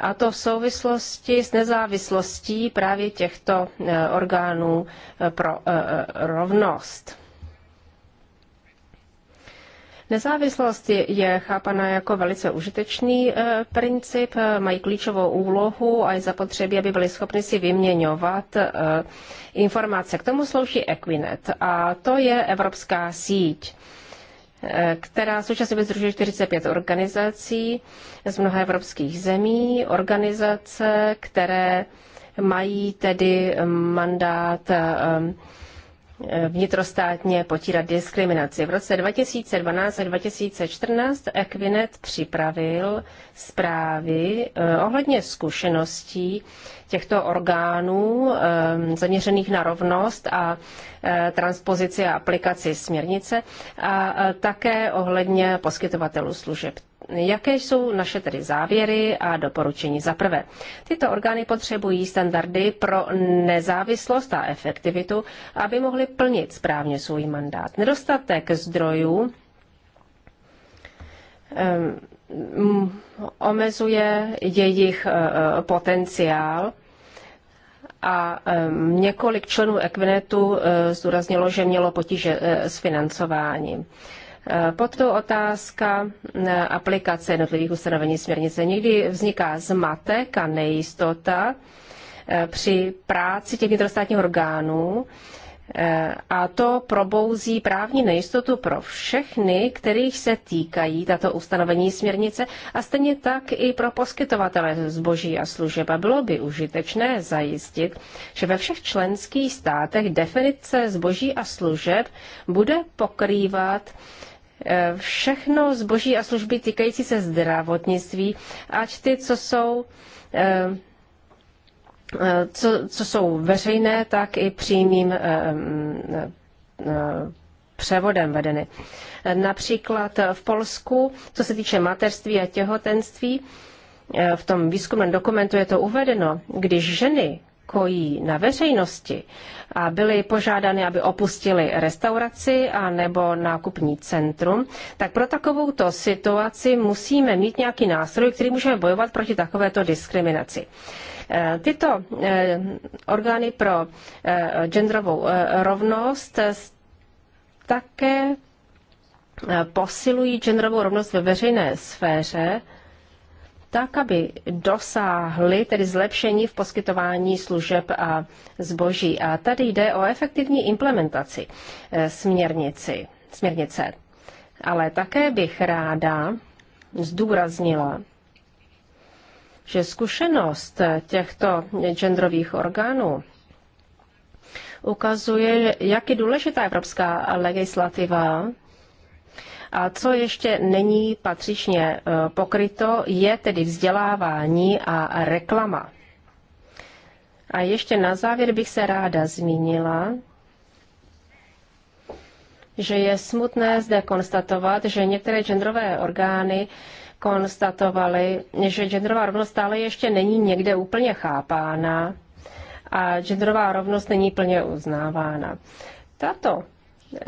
a to v souvislosti s nezávislostí právě těchto e, orgánů e, pro e, rovnost. Nezávislost je chápaná jako velice užitečný princip, mají klíčovou úlohu a je zapotřebí, aby byli schopni si vyměňovat informace. K tomu slouží Equinet a to je evropská síť Eh, která současně združuje 45 organizací z mnoha evropských zemí, organizace, které mají tedy mandát eh, Eh, vnitrostátně potírat diskriminaci. V roce 2012 a 2014 Equinet připravil zprávy eh, ohledně zkušeností těchto orgánů eh, zaměřených na rovnost a transpozici a aplikaci směrnice a také ohledně poskytovatelů služeb. Jaké jsou naše tedy závěry a doporučení? Za prvé, tyto orgány potřebují standardy pro nezávislost a efektivitu, aby mohly plnit správně svůj mandát. Nedostatek zdrojů ehm, omezuje jejich e, e, potenciál a ehm, několik členů Equinetu e, zdůraznilo, že mělo potíže s financováním. Eh, pod tou otázka eh, aplikace jednotlivých ustanovení směrnice. Někdy vzniká zmatek a nejistota eh, při práci těch vnitrostátních orgánů a to probouzí právní nejistotu pro všechny, kterých se týkají tato ustanovení směrnice a stejně tak i pro poskytovatele zboží a služeb. A bylo by užitečné zajistit, že ve všech členských státech definice zboží a služeb bude pokrývat Eh, všechno zboží a služby týkající se zdravotnictví, ať ty, co jsou, eh, eh, co, co jsou veřejné, tak i přímým mm, převodem vedeny. Například v Polsku, co se týče mateřství a těhotenství, v tom výzkumném dokumentu je to uvedeno, když ženy kojí na veřejnosti a byly požádány, aby opustili restauraci a nebo nákupní centrum, tak pro takovouto situaci musíme mít nějaký nástroj, který můžeme bojovat proti takovéto diskriminaci. Eh, tyto eh, orgány pro eh, genderovou rovnost také posilují genderovou rovnost ve veřejné sféře, tak, aby dosáhly tedy zlepšení v poskytování služeb a zboží. A tady jde o efektivní implementaci eh, směrnici, směrnice. Ale také bych ráda zdůraznila, že zkušenost těchto genderových orgánů ukazuje, jak je důležitá evropská legislativa a co ještě není patřičně eh, pokryto, je tedy vzdělávání a reklama. A ještě na závěr bych se ráda zmínila, že je smutné zde konstatovat, že některé genderové orgány konstatovaly, že genderová rovnost stále ještě není někde úplně chápána a genderová rovnost není plně uznávána. Tato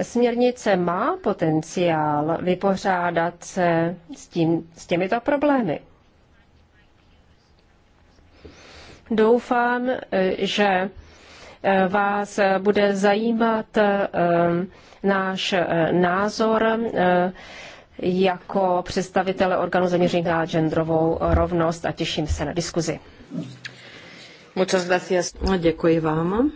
Směrnice má potenciál vypořádat se s, tím, s těmito problémy. Doufám, že eh, vás bude zajímat eh, náš eh, názor jako představitele organu zaměřených na genderovou rovnost a těším se na diskuzi. Muchas gracias. Děkuji vám.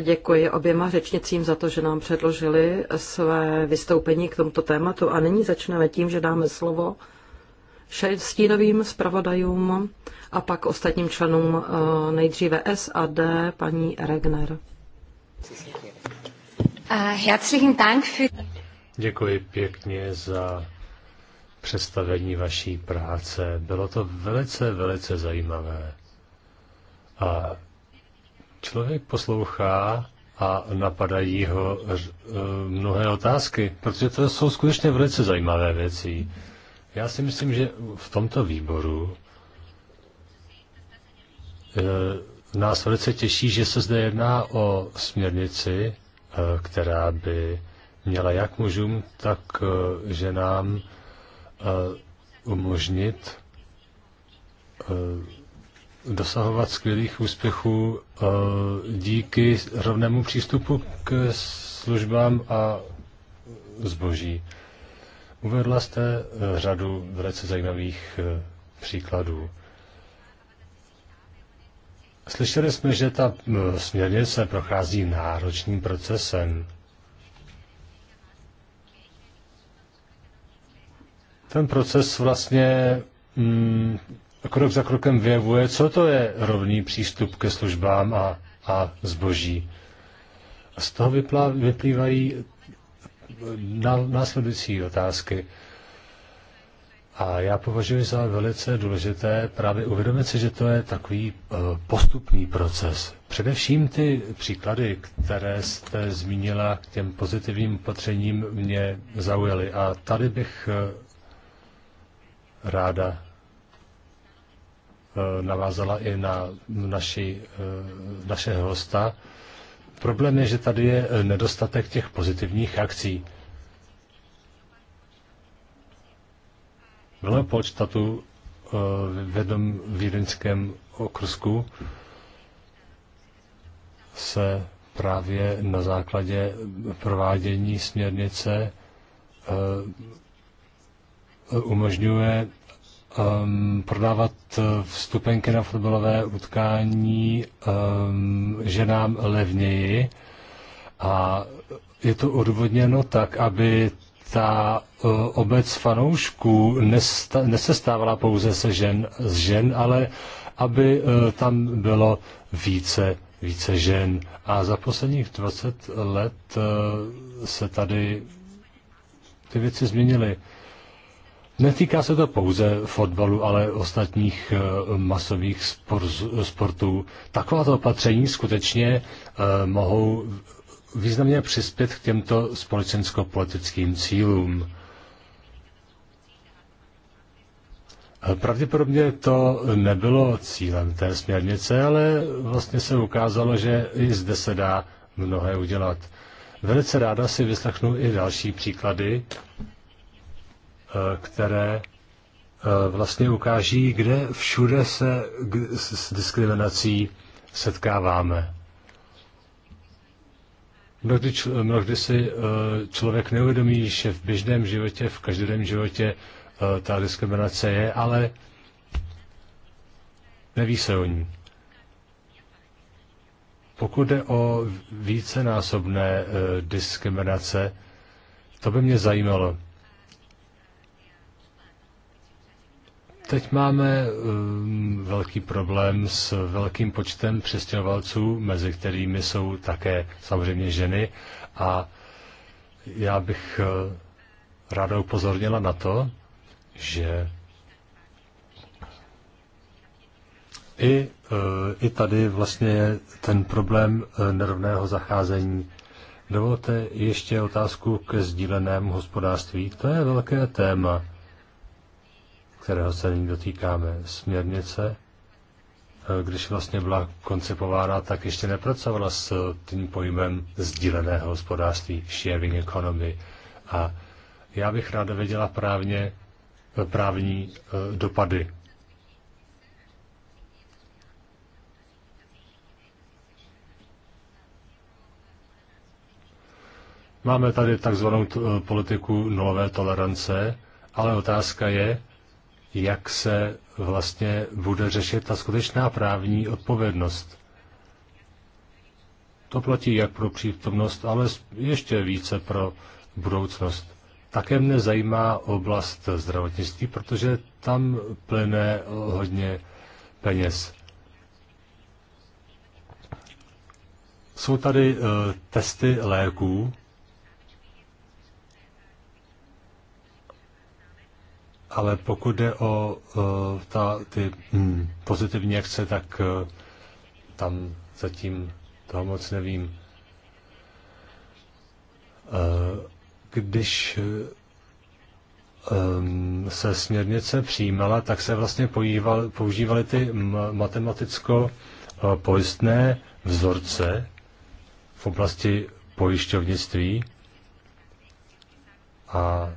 Děkuji oběma řečnicím za to, že nám předložili své vystoupení k tomuto tématu. A nyní začneme tím, že dáme slovo stínovým zpravodajům a pak ostatním členům eh, nejdříve SAD, paní Regner. Eh, herzlichen Dank für... Děkuji pěkně za představení vaší práce. Bylo to velice, velice zajímavé. A Člověk poslouchá a napadají ho eh, mnohé otázky, protože to jsou skutečně velice zajímavé věci. Já si myslím, že v tomto výboru eh, nás velice těší, že se zde jedná o směrnici, eh, která by měla jak mužům, tak ženám umožnit dosahovat skvělých úspěchů eh, díky rovnému přístupu k službám a zboží. Uvedla jste eh, řadu velice zajímavých eh, příkladů. Slyšeli jsme, že ta směrnice prochází náročným procesem. Ten proces vlastně mm, krok za krokem vyjevuje, co to je rovný přístup ke službám a, a zboží. Z toho vyplývají následující otázky. A já považuji za velice důležité právě uvědomit si, že to je takový eh, postupný proces. Především ty příklady, které jste zmínila k těm pozitivním opatřením, mě zaujaly. A tady bych eh, ráda Eh, navázala i na naši, eh, našeho hosta. Problém je, že tady je eh, nedostatek těch pozitivních akcí. Bylo počtatu v jednom vídeňském okrsku se právě na základě provádění směrnice umožňuje um, prodávat uh, vstupenky na fotbalové utkání um, ženám levněji. A je to odvodněno tak, aby ta uh, obec fanoušků nesta- nesestávala pouze se žen, z žen, ale aby uh, tam bylo více, více žen. A za posledních 20 let uh, se tady ty věci změnily. Netýká se to pouze fotbalu, ale ostatních eh, masových sportů. Takováto opatření skutečně eh, mohou významně přispět k těmto společensko-politickým cílům. Eh, pravděpodobně to nebylo cílem té směrnice, ale vlastně se ukázalo, že i zde se dá mnohé udělat. Velice ráda si vyslechnu i další příklady Eh, které eh, vlastně ukáží, kde všude se s diskriminací setkáváme. Mnohdy, mnohdy si eh, člověk neuvědomí, že v běžném životě, v každodenním životě ta diskriminace je, ale neví se o ní. Pokud jde o vícenásobné diskriminace, to by mě zajímalo. Teď máme um, velký problém s velkým počtem přestěhovalců, mezi kterými jsou také samozřejmě ženy. A já bych uh, ráda upozornila na to, že i, uh, i tady vlastně ten problém uh, nerovného zacházení. Dovolte ještě otázku ke sdílenému hospodářství. To je velké téma kterého se nyní dotýkáme, směrnice, e, když vlastně byla koncipována, tak ještě nepracovala s tím pojmem sdíleného hospodářství, sharing economy. A já bych ráda věděla právně, e, právní e, dopady Máme tady takzvanou politiku nulové tolerance, ale otázka je, jak se vlastně bude řešit ta skutečná právní odpovědnost. To platí jak pro přítomnost, ale ještě více pro budoucnost. Také mne zajímá oblast zdravotnictví, protože tam plyne hodně peněz. Jsou tady eh, testy léků, Ale pokud jde o uh, ta, ty hmm, pozitivní akce, tak uh, tam zatím toho moc nevím. Uh, když hm, se směrnice přijímala, tak se vlastně používaly ty matematicko-pojistné vzorce v oblasti pojišťovnictví a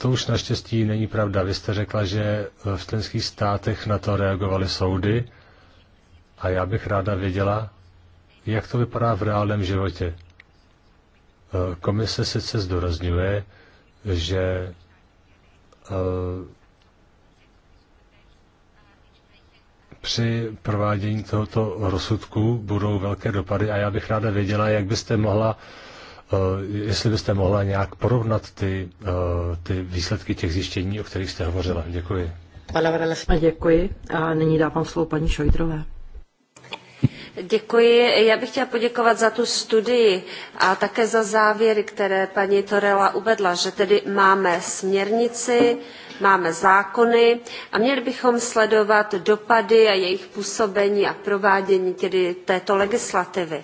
to už naštěstí není pravda. Vy jste řekla, že v členských státech na to reagovaly soudy a já bych ráda věděla, jak to vypadá v reálném životě. Komise sice zdorazňuje, že eh, při provádění tohoto rozsudku budou velké dopady a já bych ráda věděla, jak byste mohla uh, Eh, jestli byste mohla nějak porovnat ty, eh, ty výsledky těch zjištění, o kterých jste hovořila. Děkuji. děkuji. A nyní dávám slovo paní Šojdrové. Děkuji. Já bych chtěla poděkovat za tu studii a také za závěry, které paní Torela uvedla, že tedy máme směrnici, máme zákony a měli bychom sledovat dopady a jejich působení a provádění tedy této legislativy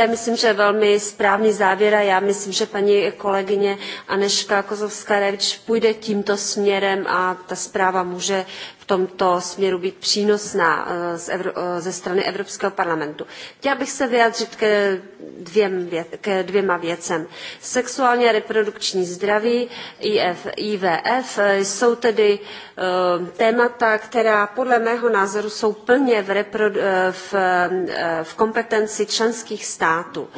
to je, myslím, že velmi správný závěr a já myslím, že paní kolegyně Aneška Kozovská-Revič půjde tímto směrem a ta zpráva může tomto směru být přínosná eh, eh, ze strany Evropského parlamentu. Chtěla bych se vyjádřit ke, dvěm, ke dvěma věcem. Sexuálně a reprodukční zdraví, IF, IVF, eh, jsou tedy témata, která podle mého názoru jsou plně v, repro, v, v kompetenci členských států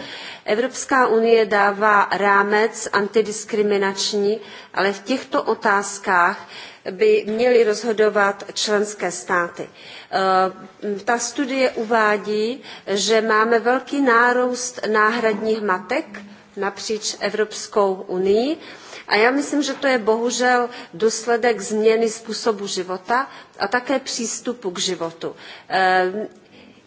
Evropská unie dává rámec antidiskriminační, ale v těchto otázkách by měly rozhodovat členské státy. Eh, ta studie uvádí, že máme velký nárůst náhradních matek napříč Evropskou unii. A já myslím, že to je bohužel důsledek změny způsobu života a také přístupu k životu. Eh,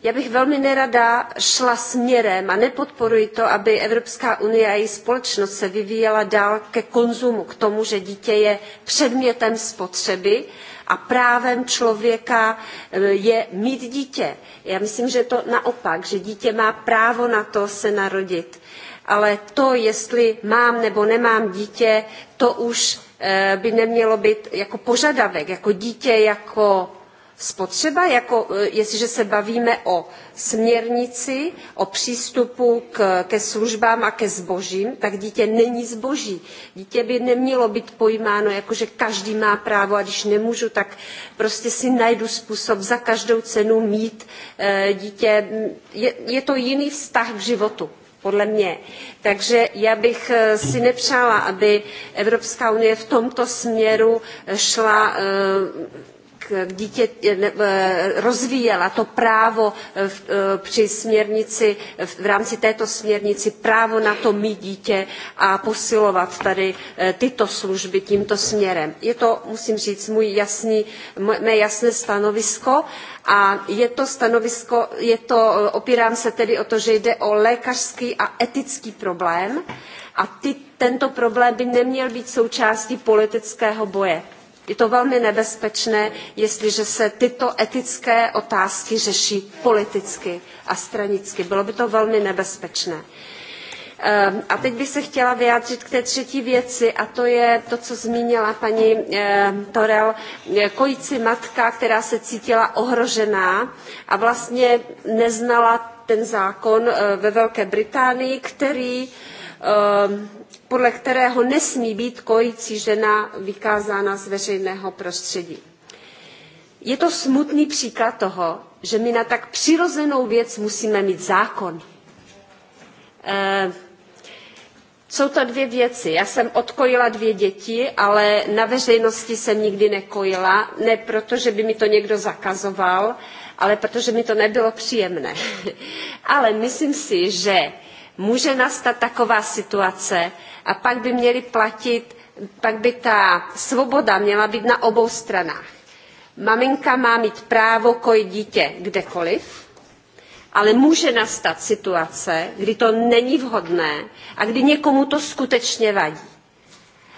já bych velmi nerada šla směrem a nepodporuji to, aby Evropská unie a její společnost se vyvíjela dál ke konzumu, k tomu, že dítě je předmětem spotřeby a právem člověka eh, je mít dítě. Já myslím, že je to naopak, že dítě má právo na to se narodit. Ale to, jestli mám nebo nemám dítě, to už eh, by nemělo být jako požadavek, jako dítě, jako Spotřeba, jako, e, jestliže se bavíme o směrnici, o přístupu k, ke službám a ke zbožím, tak dítě není zboží. Dítě by nemělo být pojímáno jako, že každý má právo a když nemůžu, tak prostě si najdu způsob za každou cenu mít e, dítě. Je, je to jiný vztah k životu podle mě. Takže já bych e, si nepřála, aby Evropská unie v tomto směru šla k dítě, eh, eh, rozvíjela to právo eh, v, při směrnici, v rámci této směrnici právo na to mít dítě a posilovat tady tyto služby tímto směrem. Je to, musím říct, můj jasný, mé jasné stanovisko a je to stanovisko, je to, opírám se tedy o to, že jde o lékařský a etický problém a ty, tento problém by neměl být součástí politického boje je to velmi nebezpečné, jestliže se tyto etické otázky řeší politicky a stranicky. Bylo by to velmi nebezpečné. Eh, a teď bych se chtěla vyjádřit k té třetí věci, a to je to, co zmínila paní eh, Torel, kojící matka, která se cítila ohrožená a vlastně neznala ten zákon eh, ve Velké Británii, který podle kterého nesmí být kojící žena vykázána z veřejného prostředí. Je to smutný příklad toho, že my na tak přirozenou věc musíme mít zákon. E, jsou to dvě věci. Já jsem odkojila dvě děti, ale na veřejnosti jsem nikdy nekojila, ne proto, že by mi to někdo zakazoval, ale protože mi to nebylo příjemné. [LAUGHS] ale myslím si, že může nastat taková situace a pak by měly platit, pak by ta svoboda měla být na obou stranách. Maminka má mít právo kojit dítě kdekoliv, ale může nastat situace, kdy to není vhodné a kdy někomu to skutečně vadí.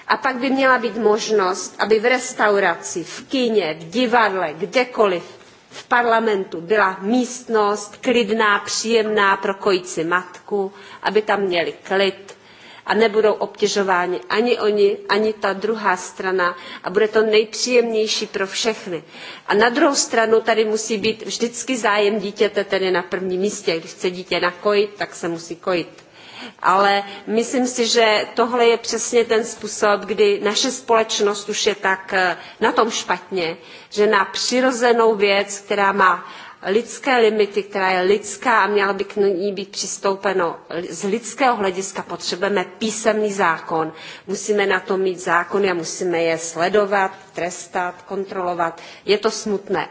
A pak by měla být možnost, aby v restauraci, v kině, v divadle, kdekoliv v parlamentu byla místnost klidná, příjemná pro kojící matku, aby tam měli klid a nebudou obtěžováni ani oni, ani ta druhá strana a bude to nejpříjemnější pro všechny. A na druhou stranu tady musí být vždycky zájem dítěte tedy na prvním místě. Když chce dítě nakojit, tak se musí kojit ale myslím si, že tohle je přesně ten způsob, kdy naše společnost už je tak eh, na tom špatně, že na přirozenou věc, která má lidské limity, která je lidská a měla by k ní být přistoupeno z lidského hlediska, potřebujeme písemný zákon. Musíme na to mít zákony a musíme je sledovat, trestat, kontrolovat. Je to smutné.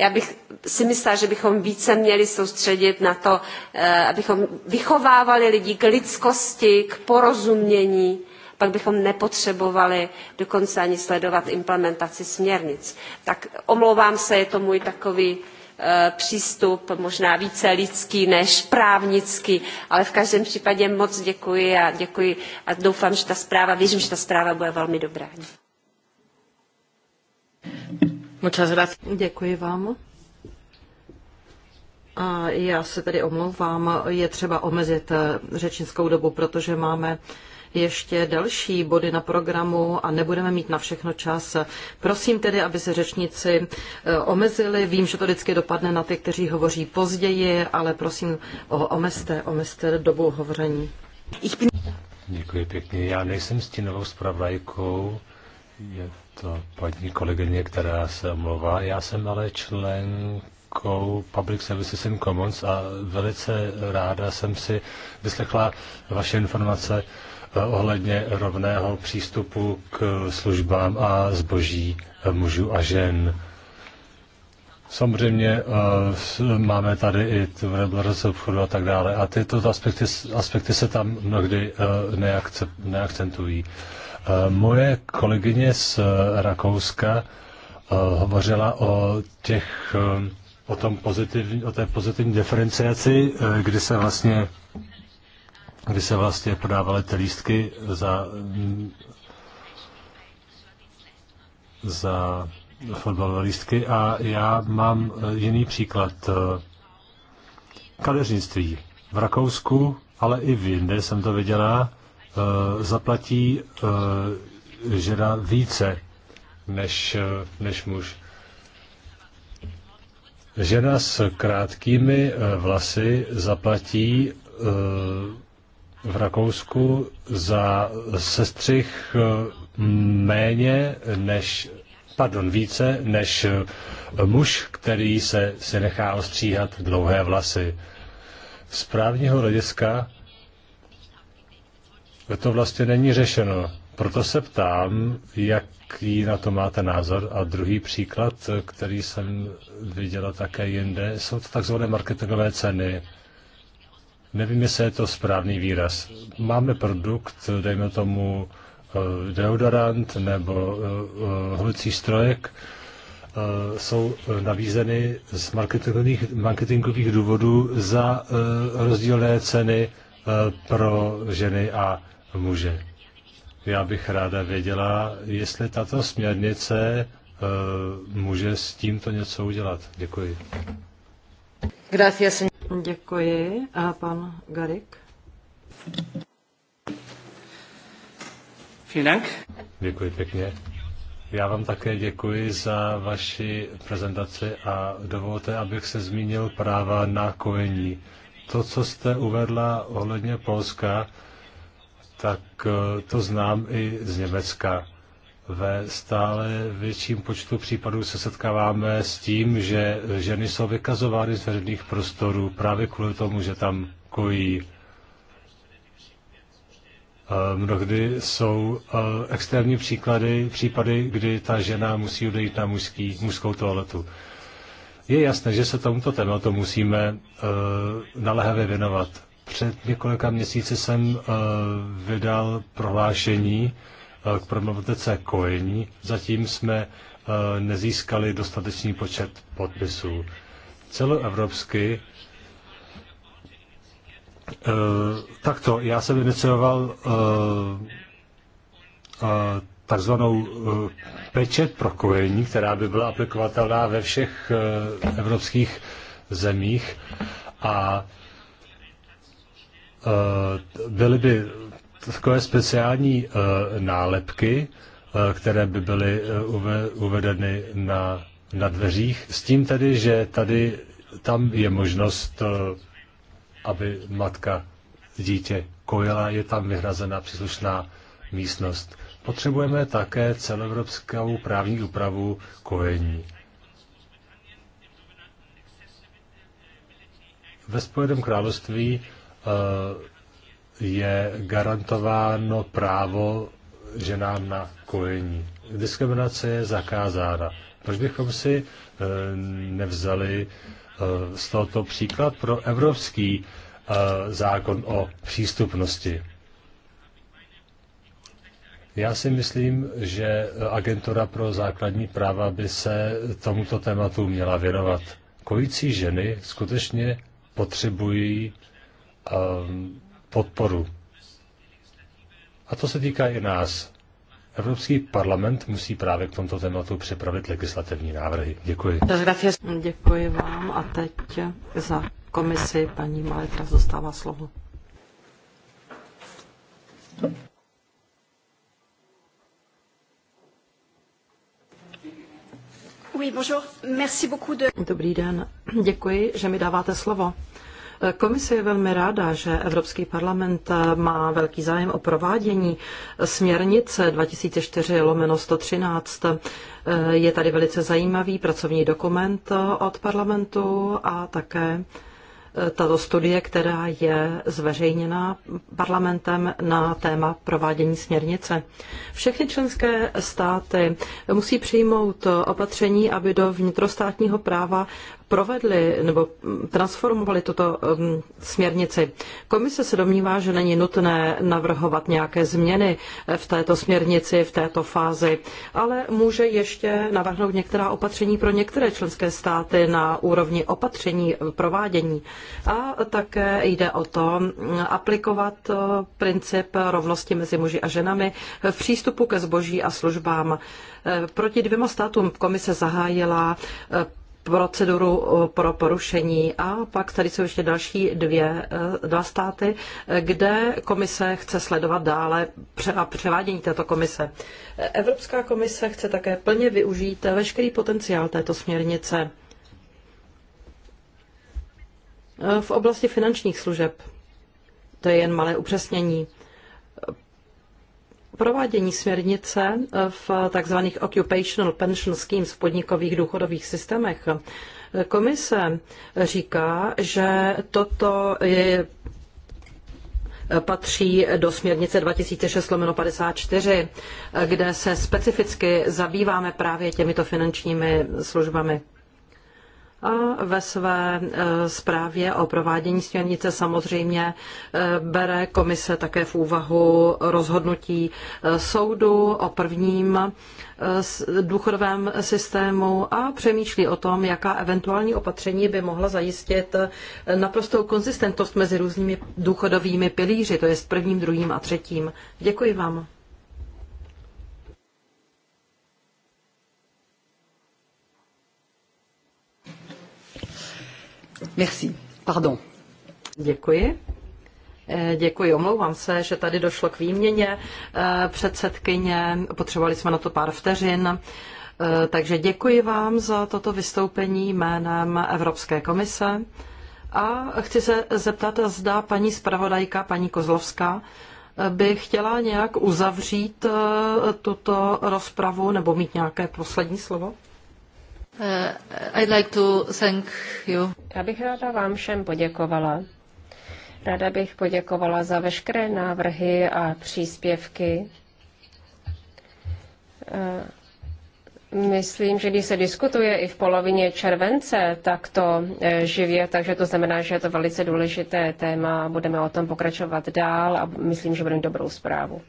Já bych si myslela, že bychom více měli soustředit na to, eh, abychom vychovávali lidi k lidskosti, k porozumění, pak bychom nepotřebovali dokonce ani sledovat implementaci směrnic. Tak omlouvám se, je to můj takový eh, přístup, možná více lidský než právnický, ale v každém případě moc děkuji a děkuji a doufám, že ta zpráva, věřím, že ta zpráva bude velmi dobrá. Muchas gracias. Děkuji vám. A já se tedy omlouvám, je třeba omezit eh, řečnickou dobu, protože máme ještě další body na programu a nebudeme mít na všechno čas. Prosím tedy, aby se řečníci eh, omezili. Vím, že to vždycky dopadne na ty, kteří hovoří později, ale prosím, omezte, omezte dobu hovoření. Děkuji pěkně. Já nejsem stínovou zpravodajkou. Je paní kolegyně, která se omlouvá. Já jsem ale členkou Public Services in Commons a velice ráda jsem si vyslechla vaše informace eh, ohledně rovného přístupu k službám a zboží eh, mužů a žen. Samozřejmě eh, máme tady i tu regulaci obchodu a tak dále a tyto aspekty, aspekty se tam mnohdy neakce, neakcentují. Moje kolegyně z Rakouska eh, hovořila o těch eh, o, tom pozitivní, o té pozitivní diferenciaci, eh, kdy se vlastně kdy se vlastně prodávaly ty lístky za, mm, za fotbalové lístky a já mám jiný příklad kadeřnictví. V Rakousku, ale i v jinde jsem to viděla, Eh, zaplatí eh, žena více než, eh, než muž. Žena s krátkými vlasy zaplatí v Rakousku za sestřih méně než, pardon, více než muž, který se se nechá ostříhat dlouhé vlasy. Z právního hlediska to vlastně není řešeno. Proto se ptám, jaký na to máte názor. A druhý příklad, který jsem viděla také jinde, jsou to takzvané marketingové ceny. Nevím, jestli je to správný výraz. Máme produkt, dejme tomu eh, deodorant nebo eh, eh, holicí strojek, jsou navízeny z marketingových, marketingových důvodů za rozdílné ceny pro ženy a muže. Já bych ráda věděla, jestli tato směrnice eh, může s tímto něco udělat. Děkuji. Gracias. Děkuji. A pan Garik? Vielen Děkuji pěkně. Já vám také děkuji za vaši prezentaci a dovolte, abych se zmínil práva na kojení. To, co jste uvedla ohledně Polska, tak eh, to znám i z Německa. Ve stále větším počtu případů se setkáváme s tím, že ženy jsou vykazovány z veřejných prostorů právě kvůli tomu, že tam kojí. Eh, mnohdy jsou eh, extrémní příklady, případy, kdy ta žena musí odejít na mužský, mužskou toaletu. Je jasné, že se tomuto tématu musíme naléhavě věnovat. Před několika měsíci jsem eh, vydal prohlášení eh, k problematice kojení. Zatím jsme eh, nezískali dostatečný počet podpisů. Celoevropsky takto, já jsem inicioval takzvanou pečet pro kojení, která by byla aplikovatelná ve všech evropských zemích. A Eh, byly by takové speciální eh, nálepky, eh, které by byly uvedeny na, na dveřích, s tím tedy, že tady tam je možnost, aby matka dítě kojila, je tam vyhrazena příslušná místnost. Potřebujeme také celoevropskou právní úpravu kojení. Ve Spojeném království Eh, je garantováno právo ženám na kojení. Diskriminace je zakázána. Proč bychom si eh, nevzali eh, z tohoto příklad pro evropský zákon o přístupnosti? Já si myslím, že agentura pro základní práva by se tomuto tématu měla věnovat. Kojící ženy skutečně potřebují Ehm, podporu. A to se týká i nás. Evropský parlament musí právě k tomto tématu připravit legislativní návrhy. Děkuji. Děkuji vám a teď za komisi paní Maletra zůstává slovo. Dobrý den, děkuji, že mi dáváte slovo. Komise je velmi ráda, že Evropský parlament má velký zájem o provádění směrnice 2004 lomeno 113. Je tady velice zajímavý pracovní dokument od parlamentu a také tato studie, která je zveřejněna parlamentem na téma provádění směrnice. Všechny členské státy musí přijmout opatření, aby do vnitrostátního práva provedli nebo transformovali tuto um, směrnici. Komise se domnívá, že není nutné navrhovat nějaké změny eh, v této směrnici, v této fázi, ale může ještě navrhnout některá opatření pro některé členské státy na úrovni opatření eh, provádění. A také jde o to mm, aplikovat eh, princip rovnosti mezi muži a ženami v přístupu ke zboží a službám. Proti dvěma státům komise zahájila proceduru eh, pro porušení. A pak tady jsou ještě další dvě, eh, dva státy, eh, kde komise chce sledovat dále a převádění této komise. Evropská komise chce také plně využít veškerý potenciál této směrnice v oblasti finančních služeb. To je jen malé upřesnění. Provádění směrnice eh, v tzv. occupational pension schemes v podnikových důchodových systémech. Komise říká, že toto je patří do směrnice 2006-54, eh, kde se specificky zabýváme právě těmito finančními službami ve své e, zprávě o provádění směrnice samozřejmě e, bere komise také v úvahu rozhodnutí e, soudu o prvním důchodovém systému a přemýšlí o tom, jaká eventuální opatření by mohla zajistit naprostou konzistentnost mezi různými důchodovými pilíři, to je s prvním, druhým a třetím. Děkuji vám. Merci. Pardon. Děkuji. Eh, děkuji, omlouvám se, že tady došlo k výměně eh, předsedkyně. Potřebovali jsme na to pár vteřin. Eh, takže děkuji vám za toto vystoupení jménem Evropské komise. A chci se zeptat, zda paní zpravodajka, paní Kozlovská, by chtěla nějak uzavřít tuto rozpravu nebo mít nějaké poslední slovo? Uh, I'd like to thank you. Já bych ráda vám všem poděkovala. Ráda bych poděkovala za veškeré návrhy a příspěvky. Eh, myslím, že když se diskutuje i v polovině července, tak to eh, živě, takže to znamená, že je to velice důležité téma. Budeme o tom pokračovat dál a myslím, že budeme dobrou zprávu.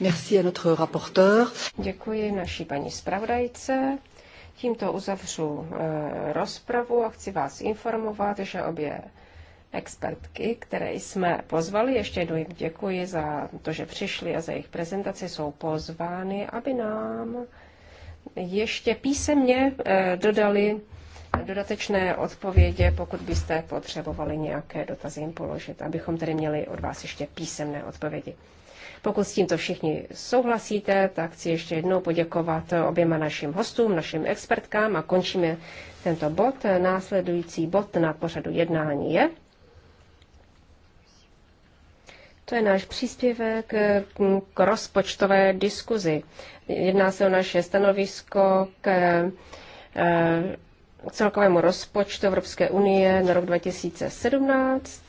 Merci à notre rapporteur. Děkuji naší paní zpravodajce. Tímto uzavřu eh, rozpravu a chci vás informovat, že obě expertky, které jsme pozvali, ještě jednou jim děkuji za to, že přišli a za jejich prezentaci, jsou pozvány, aby nám ještě písemně eh, dodali dodatečné odpovědi, pokud byste potřebovali nějaké dotazy jim položit, abychom tedy měli od vás ještě písemné odpovědi. Pokud s tímto všichni souhlasíte, tak chci ještě jednou poděkovat oběma našim hostům, našim expertkám a končíme tento bod. Následující bod na pořadu jednání je. To je náš příspěvek k rozpočtové diskuzi. Jedná se o naše stanovisko k eh, celkovému rozpočtu Evropské unie na rok 2017.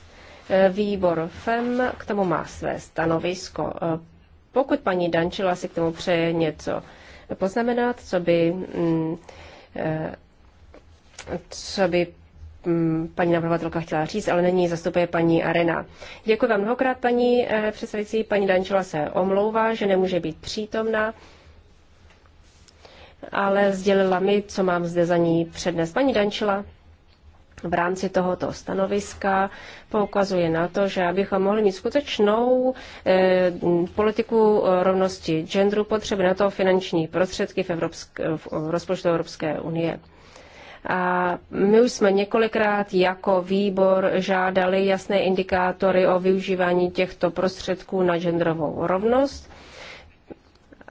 Výbor FEM k tomu má své stanovisko. Pokud paní Dančila si k tomu přeje něco poznamenat, co by, mm, eh, co by mm, paní navrhovatelka chtěla říct, ale není zastupuje paní Arena. Děkuji vám mnohokrát, paní eh, předsedající. Paní Dančila se omlouvá, že nemůže být přítomna, ale sdělila mi, co mám zde za ní přednes. Paní Dančila v rámci tohoto stanoviska poukazuje na to, že abychom mohli mít skutečnou eh, politiku rovnosti genderu, potřebujeme na to finanční prostředky v, Evropské, v rozpočtu Evropské unie. A my už jsme několikrát jako výbor žádali jasné indikátory o využívání těchto prostředků na genderovou rovnost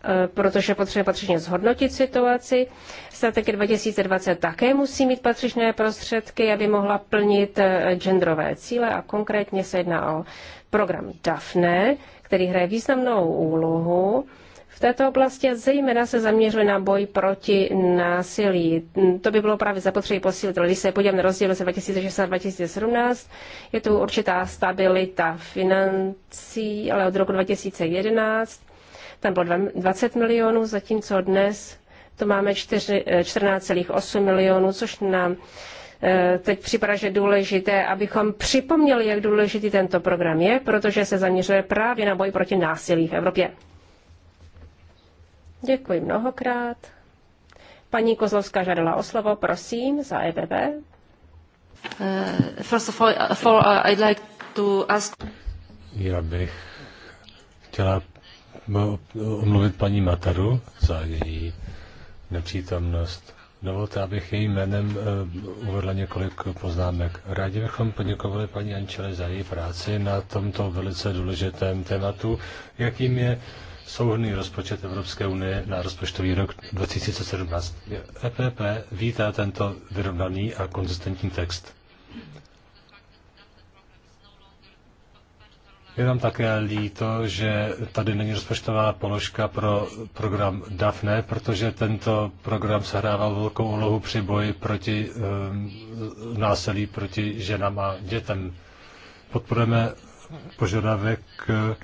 Eh, protože potřebuje patřičně zhodnotit situaci. Strategie 2020 také musí mít patřičné prostředky, aby mohla plnit eh, genderové cíle a konkrétně se jedná o program DAFNE, který hraje významnou úlohu v této oblasti a zejména se zaměřuje na boj proti násilí. Hm, to by bylo právě zapotřebí posílit. Když se podívám na rozdíl mezi 2016 a 2017, je tu určitá stabilita financí, ale od roku 2011 tam bylo 20 milionů, zatímco dnes to máme 14,8 eh, milionů, což nám eh, teď připadá, že důležité, abychom připomněli, jak důležitý tento program je, protože se zaměřuje právě na boj proti násilí v Evropě. Děkuji mnohokrát. Paní Kozlovská žádala o slovo, prosím, za EBB. Uh, eh, first of all, for, uh, I'd like to ask... Já bych chtěla omluvit paní Mataru za její nepřítomnost. Dovolte, abych jejím jménem eh, uvedla několik poznámek. Rádi bychom poděkovali paní Ančele za její práci na tomto velice důležitém tématu, jakým je souhrný rozpočet Evropské unie na rozpočtový rok 2017. EPP vítá tento vyrovnaný a konzistentní text. Je tam také líto, že tady není rozpočtová položka pro program DAFNE, protože tento program sehrával velkou úlohu při boji proti um, násilí proti ženám a dětem. Podporujeme požadavek eh,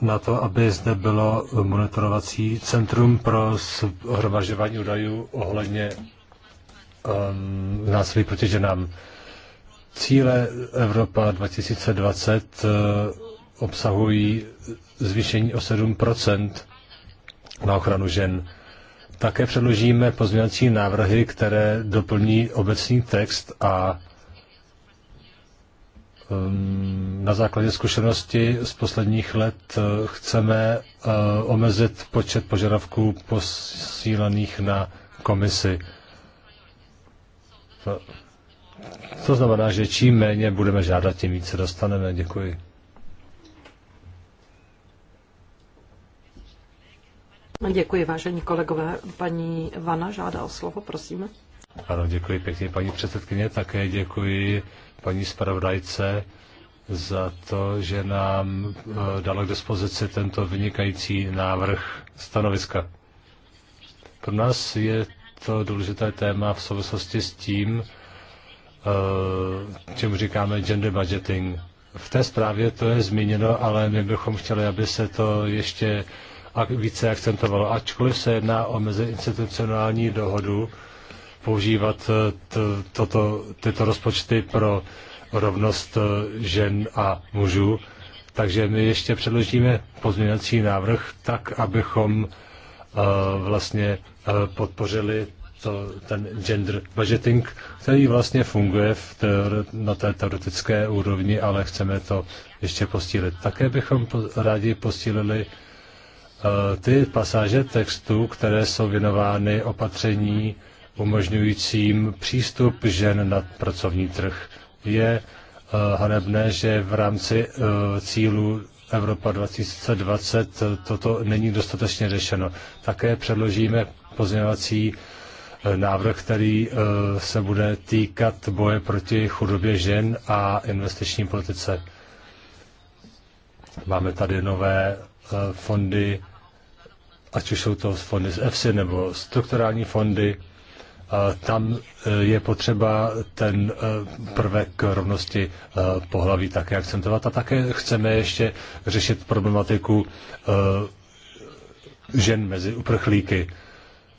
na to, aby zde bylo monitorovací centrum pro shromažďování údajů ohledně um, násilí proti ženám. Cíle Evropa 2020 uh, obsahují zvýšení o 7 na ochranu žen. Také předložíme pozměňovací návrhy, které doplní obecný text a um, na základě zkušenosti z posledních let uh, chceme uh, omezit počet požadavků posílaných na komisi. To, to znamená, že čím méně budeme žádat, tím více dostaneme. Děkuji. Děkuji, vážení kolegové. Paní Vana žádá o slovo, prosím. Ano, děkuji pěkně, paní předsedkyně. Také děkuji paní zpravodajce za to, že nám eh, dala k dispozici tento vynikající návrh stanoviska. Pro nás je to důležité téma v souvislosti s tím, eh, čemu říkáme gender budgeting. V té zprávě to je zmíněno, ale my bychom chtěli, aby se to ještě více akcentovalo. Ačkoliv se jedná o meziinstitucionální dohodu, používat eh, toto, tyto rozpočty pro rovnost eh, žen a mužů. Takže my ještě předložíme pozměňovací návrh tak, abychom vlastně Eh, podpořili to, ten gender budgeting, který vlastně funguje v teor- na té teoretické úrovni, ale chceme to ještě postílit. Také bychom po, rádi postílili uh, eh, ty pasáže textu, které jsou věnovány opatření umožňujícím přístup žen na pracovní trh. Je uh, hanebné, že v rámci uh, cílu Evropa 2020 toto není dostatečně řešeno. Také předložíme pozměňovací eh, návrh, který eh, se bude týkat boje proti chudobě žen a investiční politice. Máme tady nové eh, fondy, ať už jsou to fondy z EFSI nebo strukturální fondy. Tam je potřeba ten prvek rovnosti pohlaví také akcentovat a také chceme ještě řešit problematiku žen mezi uprchlíky.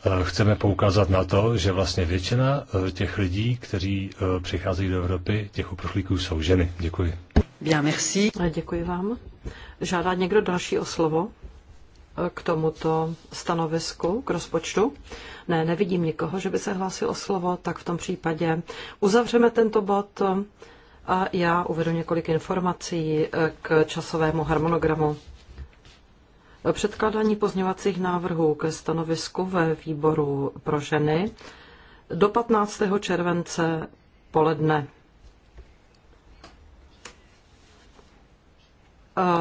Eh, chceme poukázat na to, že vlastně většina eh, těch lidí, kteří eh, přicházejí do Evropy, těch uprchlíků jsou ženy. Děkuji. Já merci. Děkuji vám. Žádá někdo další o slovo k tomuto stanovisku, k rozpočtu? Ne, nevidím nikoho, že by se hlásil o slovo, tak v tom případě uzavřeme tento bod a já uvedu několik informací k časovému harmonogramu. Předkládání pozněvacích návrhů ke stanovisku ve výboru pro ženy do 15. července poledne.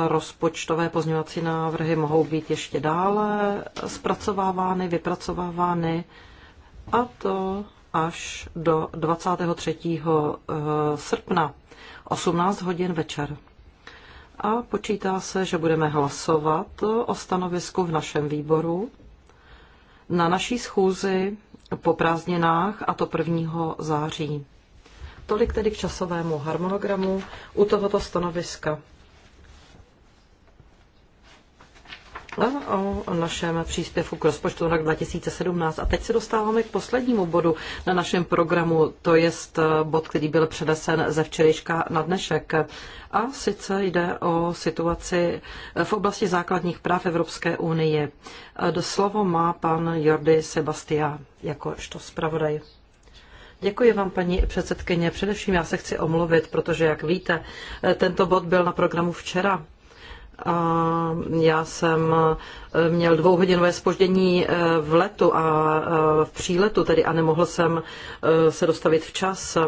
Rozpočtové pozněvací návrhy mohou být ještě dále zpracovávány, vypracovávány a to až do 23. Eh, srpna 18 hodin večer a počítá se, že budeme hlasovat o stanovisku v našem výboru na naší schůzi po prázdninách, a to 1. září. Tolik tedy k časovému harmonogramu u tohoto stanoviska. o našem příspěvku k rozpočtu rok 2017. A teď se dostáváme k poslednímu bodu na našem programu, to je eh, bod, který byl předesen ze včerejška na dnešek. A sice jde o situaci eh, v oblasti základních práv Evropské unie. Eh, slovo má pan Jordi Sebastia jakožto zpravodaj. Děkuji vám, paní předsedkyně. Především já se chci omluvit, protože, jak víte, tento bod byl na programu včera a já jsem eh, měl dvouhodinové spoždění eh, v letu a eh, v příletu tedy a nemohl jsem se dostavit včas.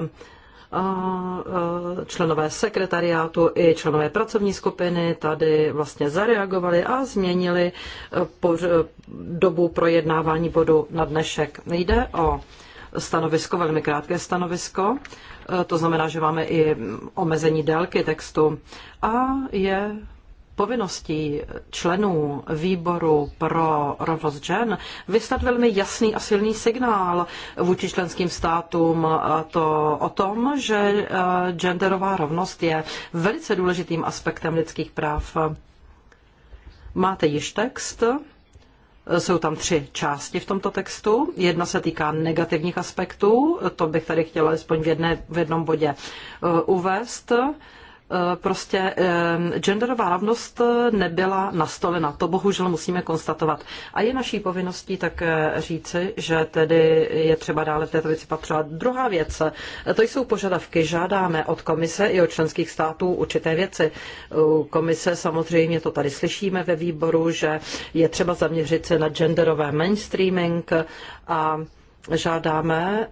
A členové sekretariátu i členové pracovní skupiny tady vlastně zareagovali a změnili dobu projednávání bodu na dnešek. Jde o stanovisko, velmi krátké stanovisko, to znamená, že máme i omezení délky textu a je povinností členů výboru pro rovnost žen vyslat velmi jasný a silný signál vůči členským státům to o tom, že e, genderová rovnost je velice důležitým aspektem lidských práv. Máte již text? Jsou tam tři části v tomto textu. Jedna se týká negativních aspektů, to bych tady chtěla aspoň v, jedné, v jednom bodě e, uvést. Eh, prostě eh, genderová rovnost eh, nebyla nastolena. To bohužel musíme konstatovat. A je naší povinností tak říci, že tedy je třeba dále v této věci patřovat. Druhá věc, to jsou požadavky. Žádáme od komise i od členských států určité věci. Komise samozřejmě to tady slyšíme ve výboru, že je třeba zaměřit se na genderové mainstreaming a Žádáme eh,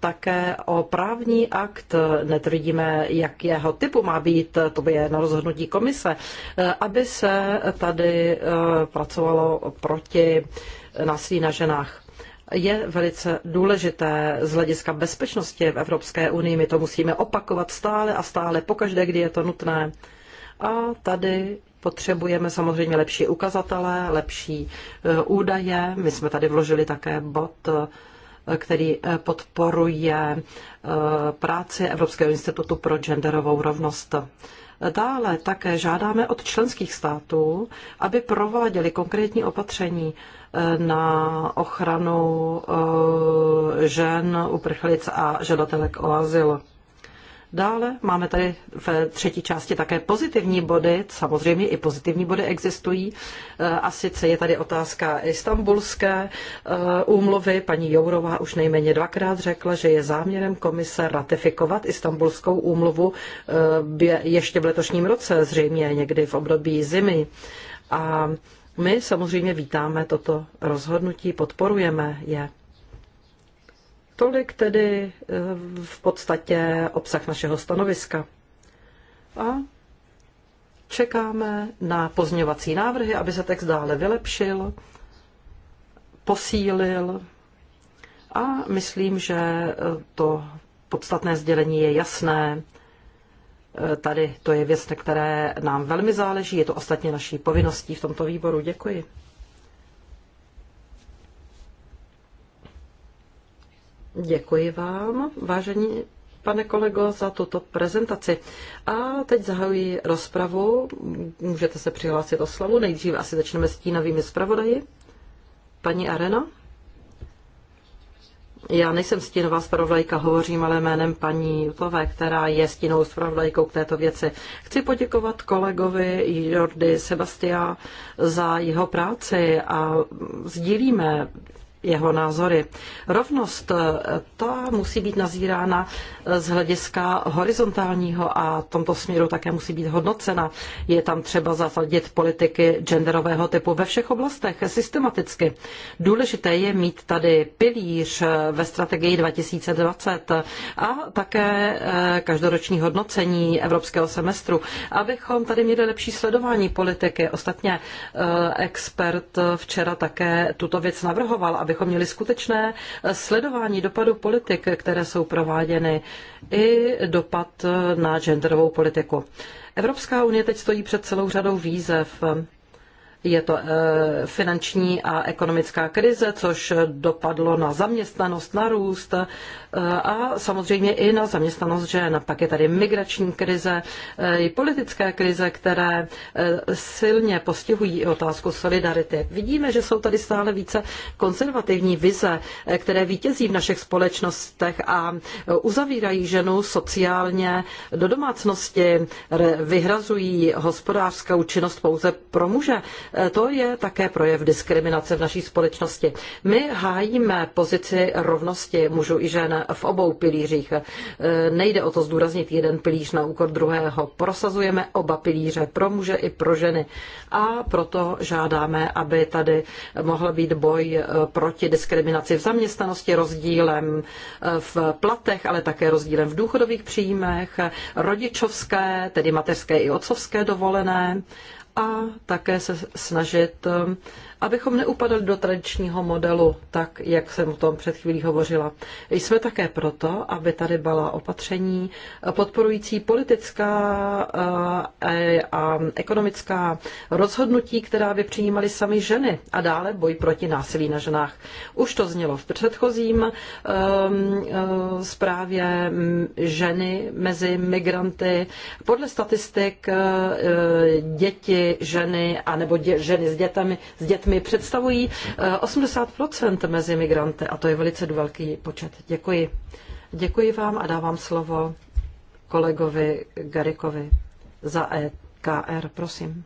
také o právní akt, netvrdíme, jakého typu má být, to je na rozhodnutí komise, eh, aby se tady eh, pracovalo proti násilí na ženách je velice důležité z hlediska bezpečnosti v Evropské unii. My to musíme opakovat stále a stále, pokaždé, kdy je to nutné. A tady Potřebujeme samozřejmě lepší ukazatele, lepší e, údaje. My jsme tady vložili také bod e, který e, podporuje práci Evropského institutu pro genderovou rovnost. Dále také žádáme od členských států, aby prováděli konkrétní opatření na ochranu žen, uprchlic a žadatelek o azyl. Dále máme tady v třetí části také pozitivní body, samozřejmě i pozitivní body existují. Eh, a sice je tady otázka istambulské eh, úmluvy. Paní Jourová už nejméně dvakrát řekla, že je záměrem komise ratifikovat istambulskou úmluvu eh, ještě v letošním roce, zřejmě někdy v období zimy. A my samozřejmě vítáme toto rozhodnutí, podporujeme je. Tolik tedy eh, v podstatě obsah našeho stanoviska. A čekáme na pozměňovací návrhy, aby se text dále vylepšil, posílil a myslím, že eh, to podstatné sdělení je jasné. Eh, tady to je věc, na které nám velmi záleží. Je to ostatně naší povinností v tomto výboru. Děkuji. Děkuji vám, vážení pane kolego, za tuto prezentaci. A teď zahajuji rozpravu. Můžete se přihlásit o slovo. Nejdříve asi začneme s tínovými zpravodaji. Paní Arena? Já nejsem stínová zpravodajka, hovořím ale jménem paní Jutové, která je stínovou zpravodajkou k této věci. Chci poděkovat kolegovi Jordi Sebastia za jeho práci a sdílíme jeho názory. Rovnost eh, ta musí být nazírána eh, z hlediska horizontálního a v tomto směru také musí být hodnocena. Je tam třeba zasadit politiky genderového typu ve všech oblastech systematicky. Důležité je mít tady pilíř eh, ve strategii 2020 a také každoroční hodnocení evropského semestru, abychom tady měli lepší sledování politiky. Ostatně expert včera také tuto věc navrhoval, aby abychom měli skutečné eh, sledování dopadu politik, které jsou prováděny, i dopad eh, na genderovou politiku. Evropská unie teď stojí před celou řadou výzev. Je to eh, finanční a ekonomická krize, což dopadlo na zaměstnanost, na růst a samozřejmě i na zaměstnanost žen. Pak je tady migrační krize, eh, i politické krize, které eh, silně postihují otázku solidarity. Vidíme, že jsou tady stále více konzervativní vize, eh, které vítězí v našich společnostech a uzavírají ženu sociálně do domácnosti, vyhrazují hospodářskou činnost pouze pro muže. To je také projev diskriminace v naší společnosti. My hájíme pozici rovnosti mužů i žen v obou pilířích. E, nejde o to zdůraznit jeden pilíř na úkor druhého. Prosazujeme oba pilíře pro muže i pro ženy. A proto žádáme, aby tady mohl být boj e, proti diskriminaci v zaměstnanosti rozdílem e, v platech, ale také rozdílem v důchodových příjmech, rodičovské, tedy mateřské i otcovské dovolené a také se snažit abychom neupadali do tradičního modelu, tak jak jsem o tom před chvílí hovořila. Jsme také proto, aby tady byla opatření podporující politická eh, a ekonomická rozhodnutí, která by přijímaly sami ženy a dále boj proti násilí na ženách. Už to znělo v předchozím ehm, eh, zprávě ženy mezi migranty. Podle statistik eh, děti, ženy, anebo dě, ženy s dětmi, s dětmi lidmi představují 80 eh, mezi migranty a to je velice velký počet. Děkuji. Děkuji vám a dávám slovo kolegovi Garikovi za EKR, prosím.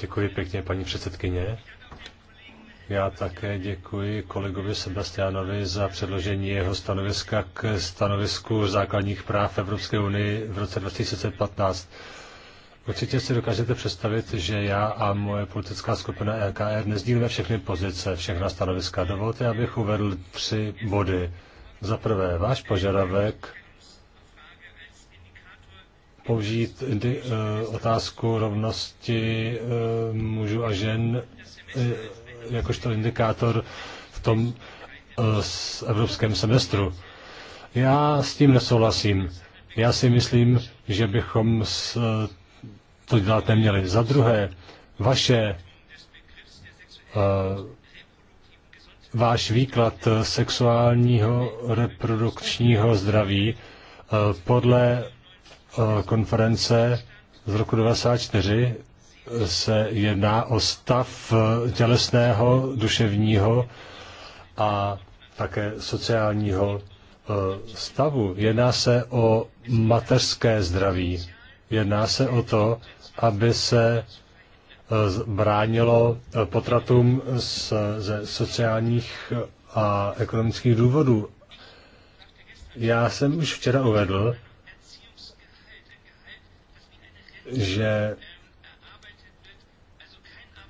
Děkuji pěkně, paní předsedkyně. Já také děkuji kolegovi Sebastianovi za předložení jeho stanoviska k stanovisku základních práv Evropské unii v roce 2015. Určitě si dokážete představit, že já a moje politická skupina LKR nezdílíme všechny pozice, všechna stanoviska. Dovolte, abych uvedl tři body. Za prvé, váš požadavek použít indi, uh, otázku rovnosti uh, mužů a žen uh, jakožto indikátor v tom uh, s evropském semestru. Já s tím nesouhlasím. Já si myslím, že bychom s to dělat měli. Za druhé, vaše uh, váš výklad sexuálního reprodukčního zdraví uh, podle uh, konference z roku 1994 se jedná o stav tělesného, duševního a také sociálního stavu. Jedná se o mateřské zdraví. Jedná se o to, aby se eh, bránilo eh, potratům z, ze sociálních eh, a ekonomických důvodů. Já jsem už včera uvedl, že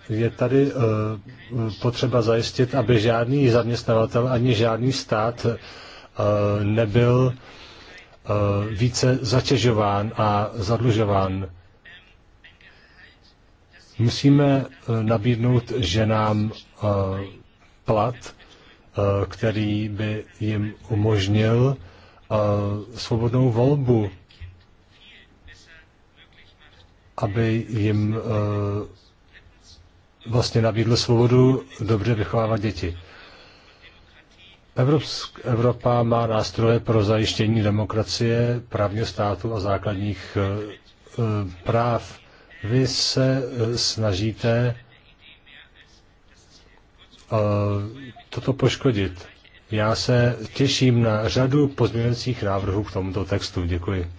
je tady potřeba zajistit, aby žádný zaměstnavatel ani žádný stát nebyl více zatěžován a zadlužován. Musíme eh, nabídnout ženám eh, plat, eh, který by jim umožnil svobodnou volbu, aby jim vlastně nabídl svobodu dobře vychovávat děti. Evropsk, Evropa má nástroje pro zajištění demokracie, právního státu a základních práv. Vy se eh, snažíte eh, toto poškodit. Já se těším na řadu pozměňujících návrhů k tomuto textu. Děkuji.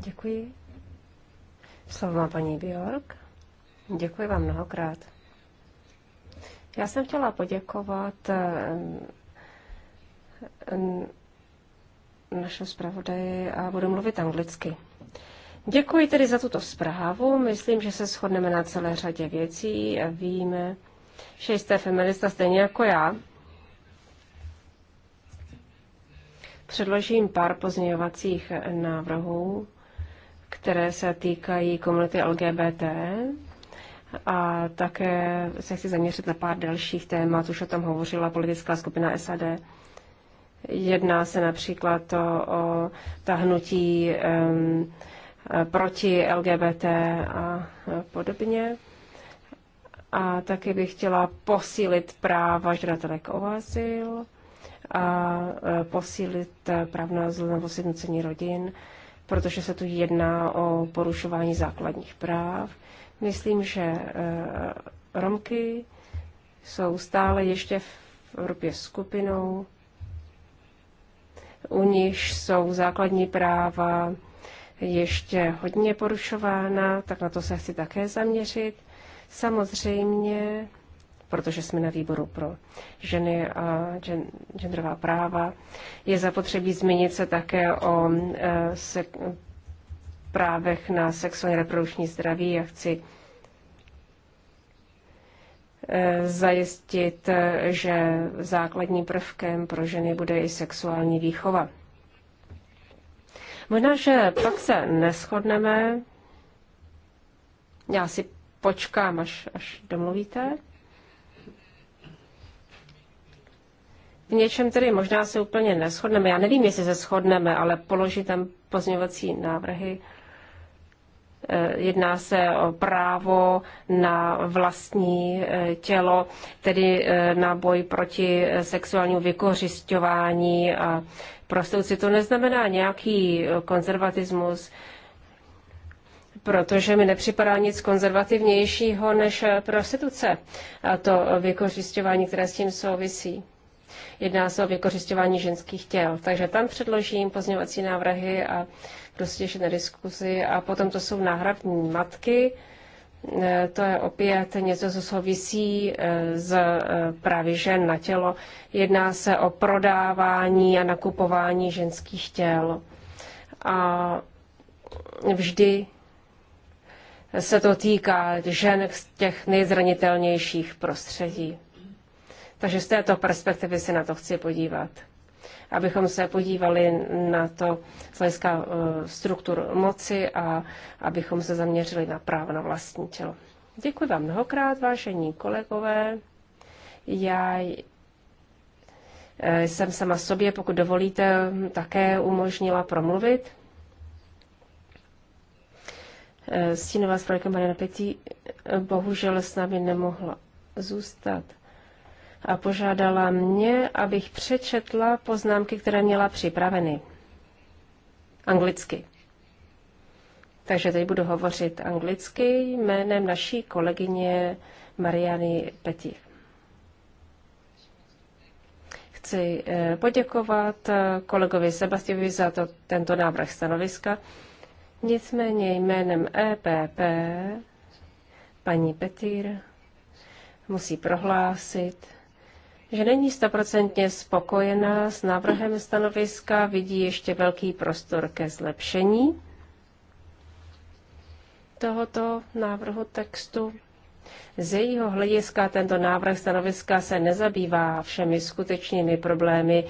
Děkuji. Slovo má paní Bjork. Děkuji vám mnohokrát. Já jsem chtěla poděkovat eh, Našeho zpravodaje a budu mluvit anglicky. Děkuji tedy za tuto zprávu. Myslím, že se shodneme na celé řadě věcí a víme, že jste feminista stejně jako já. Předložím pár pozměňovacích návrhů, které se týkají komunity LGBT a také se chci zaměřit na pár dalších témat. Už o tom hovořila politická skupina SAD. Jedná se například o, o ta hnutí um, proti LGBT a podobně. A taky bych chtěla posílit práva žadatelek o azyl a e, posílit e, práv na zelenou sjednocení rodin, protože se tu jedná o porušování základních práv. Myslím, že e, Romky jsou stále ještě v Evropě skupinou, u níž jsou základní práva ještě hodně porušována, tak na to se chci také zaměřit. Samozřejmě, protože jsme na výboru pro ženy a genderová práva, je zapotřebí zmínit se také o eh, se, právech na sexuální reprodukční zdraví. Já chci Eh, zajistit, eh, že základním prvkem pro ženy bude i sexuální výchova. Možná, že pak se neschodneme. Já si počkám, až, až domluvíte. V něčem tedy možná se úplně neschodneme. Já nevím, jestli se shodneme, ale položit tam pozměňovací návrhy Jedná se o právo na vlastní eh, tělo, tedy eh, na boj proti sexuálnímu vykořišťování a prostouci. To neznamená nějaký eh, konzervatismus, protože mi nepřipadá nic konzervativnějšího než prostituce a to vykořišťování, které s tím souvisí. Jedná se o vykořišťování ženských těl. Takže tam předložím pozměňovací návrhy a prostě na diskuzi. A potom to jsou náhradní matky. E, to je opět něco, co souvisí e, z e, právě žen na tělo. Jedná se o prodávání a nakupování ženských těl. A vždy se to týká žen z těch nejzranitelnějších prostředí. Takže z této perspektivy se na to chci podívat. Abychom se podívali na to z hlediska eh, struktur moci a abychom se zaměřili na právo na vlastní tělo. Děkuji vám mnohokrát, vážení kolegové. Já eh, jsem sama sobě, pokud dovolíte, také umožnila promluvit. Eh, stínová zpravodajka Marina Petí bohužel s námi nemohla zůstat a požádala mě, abych přečetla poznámky, které měla připraveny anglicky. Takže teď budu hovořit anglicky jménem naší kolegyně Mariany Peti. Chci eh, poděkovat eh, kolegovi Sebastiovi za to, tento návrh stanoviska. Nicméně jménem EPP paní Petýr musí prohlásit, že není stoprocentně spokojená s návrhem stanoviska, vidí ještě velký prostor ke zlepšení tohoto návrhu textu. Z jejího hlediska tento návrh stanoviska se nezabývá všemi skutečnými problémy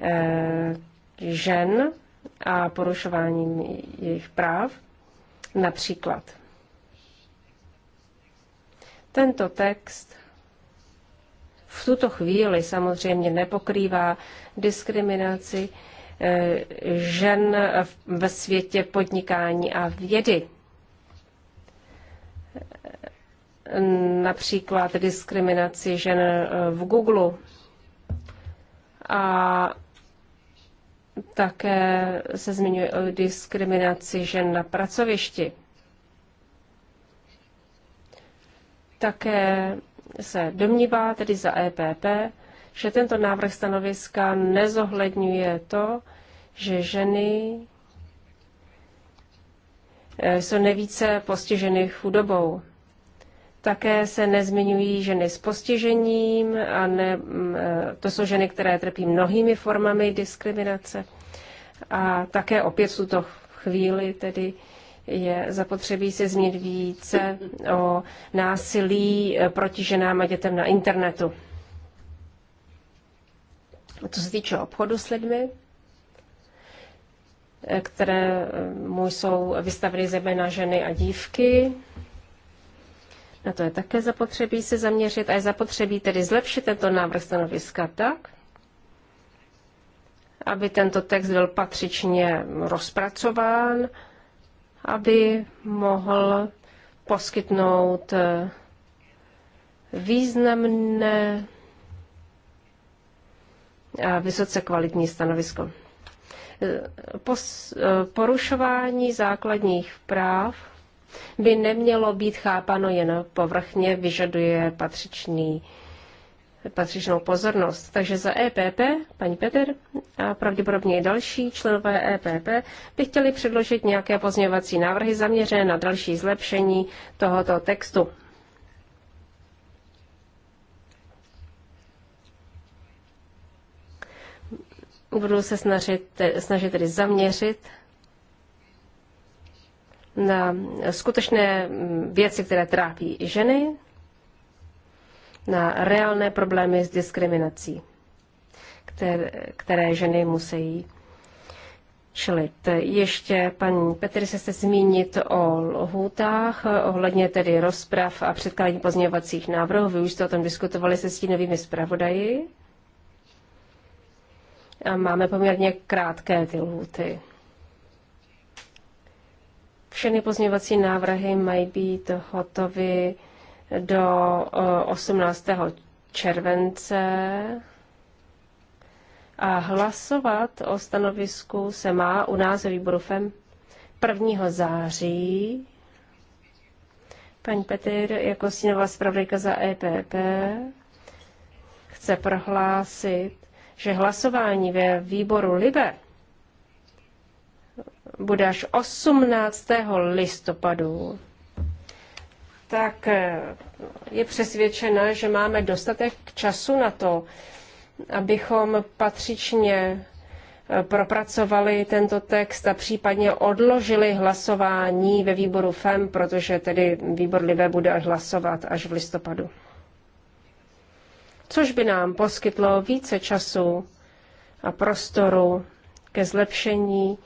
e, žen a porušováním jejich práv. Například tento text v tuto chvíli samozřejmě nepokrývá diskriminaci eh, žen ve světě podnikání a vědy. Například diskriminaci žen eh, v Google a také se zmiňuje o diskriminaci žen na pracovišti. Také se domnívá, tedy za EPP, že tento návrh stanoviska nezohledňuje to, že ženy eh, jsou nejvíce postiženy chudobou. Také se nezmiňují ženy s postižením, a ne, mm, eh, to jsou ženy, které trpí mnohými formami diskriminace. A také opět jsou to chvíli tedy je zapotřebí se zmínit více o násilí eh, proti ženám a dětem na internetu. Co se týče obchodu s lidmi, eh, které eh, mu jsou vystaveny zejména ženy a dívky, na to je také zapotřebí se zaměřit a je zapotřebí tedy zlepšit tento návrh stanoviska tak, aby tento text byl patřičně rozpracován, aby mohl poskytnout eh, významné a vysoce kvalitní stanovisko. Eh, eh, porušování základních práv by nemělo být chápano jen povrchně, vyžaduje patřičný patřičnou pozornost. Takže za EPP, paní Petr a pravděpodobně i další členové EPP by chtěli předložit nějaké pozměňovací návrhy zaměřené na další zlepšení tohoto textu. Budu se snažit, snažit tedy zaměřit na skutečné věci, které trápí ženy, na reálné problémy s diskriminací, které, které ženy musí čelit. Ještě, paní Petr, se chce zmínit o lhůtách, ohledně tedy rozprav a předkládání pozměňovacích návrhů. Vy už jste o tom diskutovali se stínovými zpravodaji. A máme poměrně krátké ty lhůty. Všechny pozměňovací návrhy mají být hotovy do 18. Eh, července a hlasovat o stanovisku se má u nás výboru FEM 1. září. Paní Petr jako stínová zpravodajka za EPP chce prohlásit, že hlasování ve výboru LIBE bude až 18. listopadu tak eh, je přesvědčena, že máme dostatek času na to, abychom patřičně eh, propracovali tento text a případně odložili hlasování ve výboru FEM, protože tedy výbor Libe bude hlasovat až v listopadu. Což by nám poskytlo více času a prostoru ke zlepšení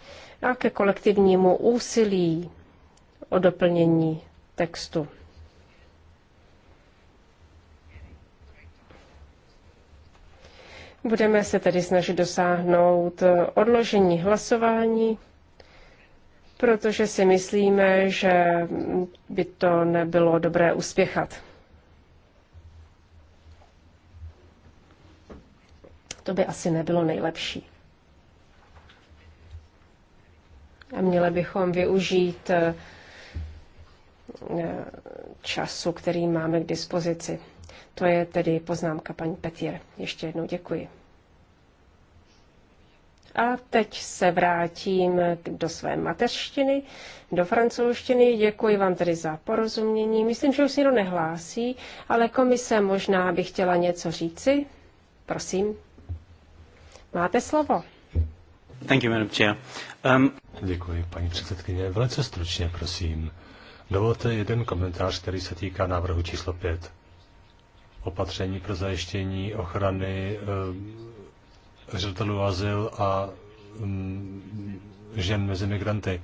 a ke kolektivnímu úsilí o doplnění textu. Budeme se tedy snažit dosáhnout eh, odložení hlasování, protože si myslíme, že by to nebylo dobré uspěchat. To by asi nebylo nejlepší. A měli bychom využít eh, času, který máme k dispozici. To je tedy poznámka paní Petier. Ještě jednou děkuji. A teď se vrátím do své mateřštiny, do francouzštiny. Děkuji vám tedy za porozumění. Myslím, že už si to nehlásí, ale komise možná by chtěla něco říci. Prosím, máte slovo. Thank you, Madam Chair. Um... Děkuji, paní předsedkyně. Velice stručně, prosím. Dovolte jeden komentář, který se týká návrhu číslo 5. Opatření pro zajištění ochrany um žadatelů azyl a mm, žen mezi migranty.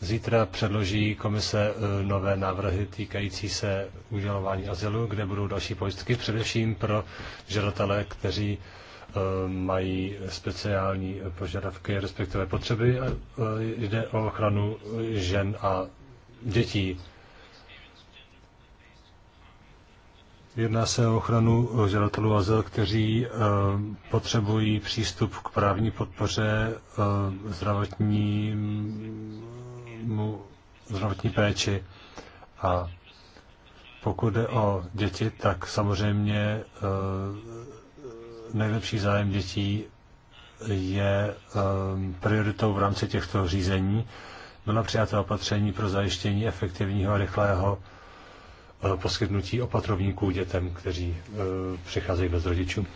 Zítra předloží komise e, nové návrhy týkající se udělování azylu, kde budou další pojistky, především pro žadatele, kteří e, mají speciální požadavky, respektive potřeby. E, jde o ochranu žen a dětí. Jedná se o ochranu žadatelů azyl, kteří eh, potřebují přístup k právní podpoře eh, zdravotnímu, zdravotní péči. A pokud jde o děti, tak samozřejmě eh, nejlepší zájem dětí je prioritou v rámci těchto řízení. Byla přijata opatření pro zajištění efektivního a rychlého Eh, poskytnutí opatrovníků dětem, kteří eh, přicházejí bez rodičů.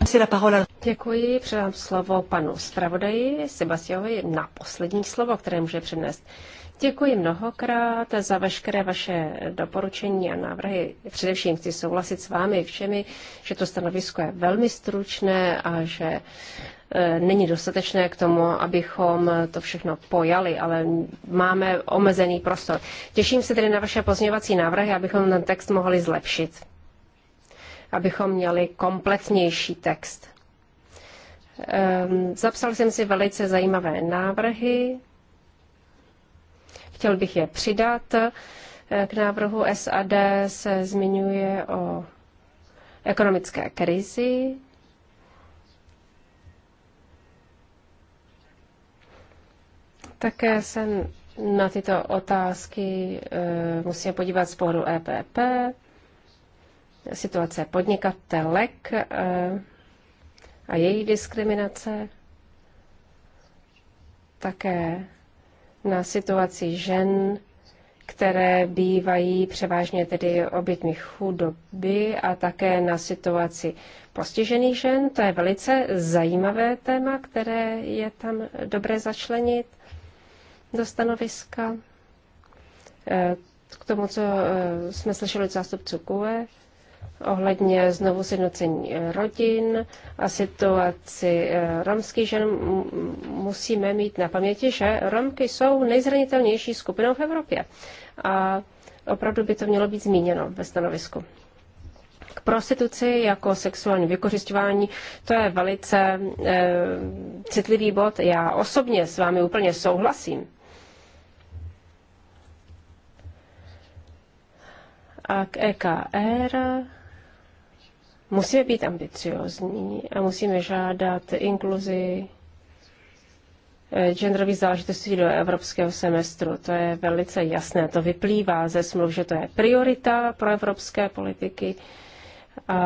Děkuji, předám slovo panu zpravodaji Sebastiovi na poslední slovo, které může přednést. Děkuji mnohokrát za veškeré vaše doporučení a návrhy. Především chci souhlasit s vámi všemi, že to stanovisko je velmi stručné a že Eh, není dostatečné k tomu, abychom to všechno pojali, ale máme omezený prostor. Těším se tedy na vaše pozměňovací návrhy, abychom ten text mohli zlepšit, abychom měli kompletnější text. Ehm, zapsal jsem si velice zajímavé návrhy. Chtěl bych je přidat. Eh, k návrhu SAD se zmiňuje o ekonomické krizi, Také se na tyto otázky eh, musíme podívat z pohledu EPP, situace podnikatelek eh, a její diskriminace, také na situaci žen, které bývají převážně tedy obětmi chudoby a také na situaci postižených žen. To je velice zajímavé téma, které je tam dobré začlenit do stanoviska eh, k tomu, co eh, jsme slyšeli od zástupců KUE ohledně znovu sjednocení eh, rodin a situaci romských žen musíme mít na paměti, že Romky jsou nejzranitelnější skupinou v Evropě. A opravdu by to mělo být zmíněno ve stanovisku. K prostituci jako sexuální vykořišťování, to je velice e, citlivý bod. Já osobně s vámi úplně souhlasím. A k EKR musíme být ambiciozní a musíme žádat inkluzi eh, genderových záležitostí do evropského semestru. To je velice jasné. To vyplývá ze smluv, že to je priorita pro evropské politiky a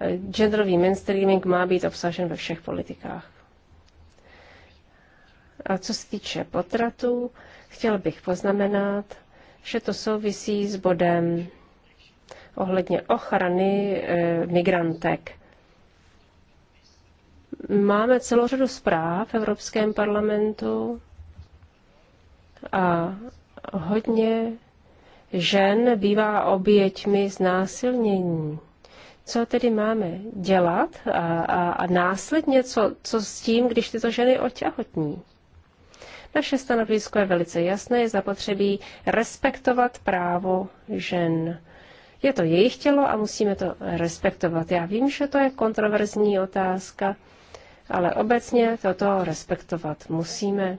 eh, genderový mainstreaming má být obsažen ve všech politikách. A co se týče potratů, chtěl bych poznamenat, že to souvisí s bodem ohledně ochrany eh, migrantek. Máme celou řadu zpráv v Evropském parlamentu a hodně žen bývá oběťmi znásilnění. Co tedy máme dělat a, a, a následně co, co s tím, když tyto ženy otěhotní? Naše stanovisko je velice jasné, je zapotřebí respektovat právo žen. Je to jejich tělo a musíme to respektovat. Já vím, že to je kontroverzní otázka, ale obecně toto respektovat musíme.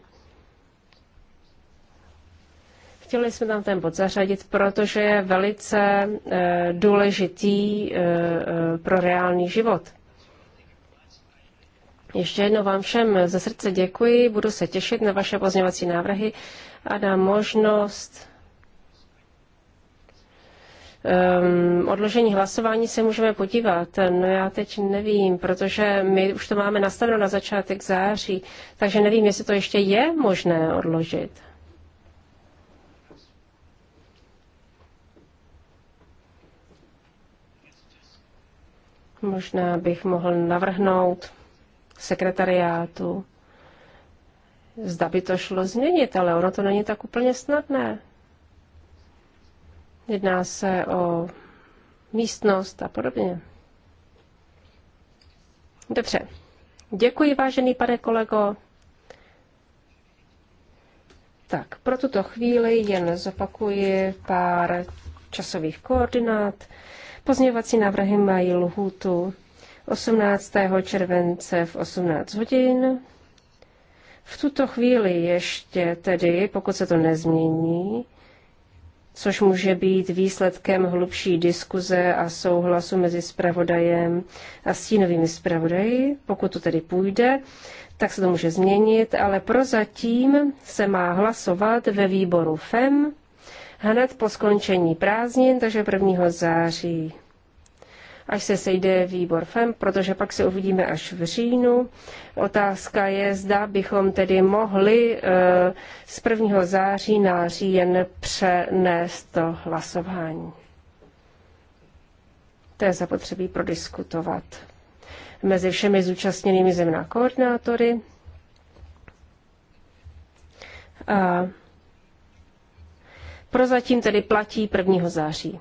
Chtěli jsme tam ten bod zařadit, protože je velice e, důležitý e, e pro reálný život. Ještě jednou vám všem ze srdce děkuji, budu se těšit na vaše pozměňovací návrhy a na možnost um, odložení hlasování se můžeme podívat. No já teď nevím, protože my už to máme nastaveno na začátek září, takže nevím, jestli to ještě je možné odložit. Možná bych mohl navrhnout sekretariátu. Zda by to šlo změnit, ale ono to není tak úplně snadné. Jedná se o místnost a podobně. Dobře. Děkuji, vážený pane kolego. Tak, pro tuto chvíli jen zopakuji pár časových koordinát. Pozměňovací návrhy mají lhůtu 18. července v 18 hodin. V tuto chvíli ještě tedy, pokud se to nezmění, což může být výsledkem hlubší diskuze a souhlasu mezi zpravodajem a stínovými zpravodaji. Pokud to tedy půjde, tak se to může změnit, ale prozatím se má hlasovat ve výboru FEM hned po skončení prázdnin, takže 1. září až se sejde výbor FEM, protože pak se uvidíme až v říjnu. Otázka je, zda bychom tedy mohli eh, z 1. září na říjen přenést to hlasování. To je zapotřebí prodiskutovat mezi všemi zúčastněnými zemná koordinátory. A prozatím tedy platí 1. září.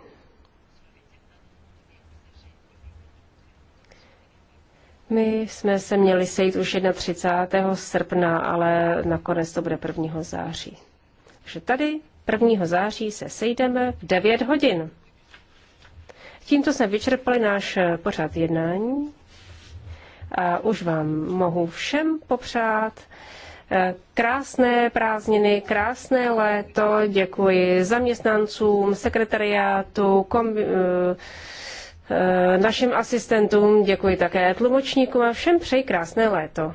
My jsme se měli sejít už 31. srpna, ale nakonec to bude 1. září. Takže tady 1. září se sejdeme v 9 hodin. Tímto jsme vyčerpali náš eh, pořad jednání a už vám mohu všem popřát eh, krásné prázdniny, krásné léto. Děkuji zaměstnancům, sekretariátu, kombi- eh, Eh, našim asistentům děkuji také tlumočníkům a všem přeji krásné léto.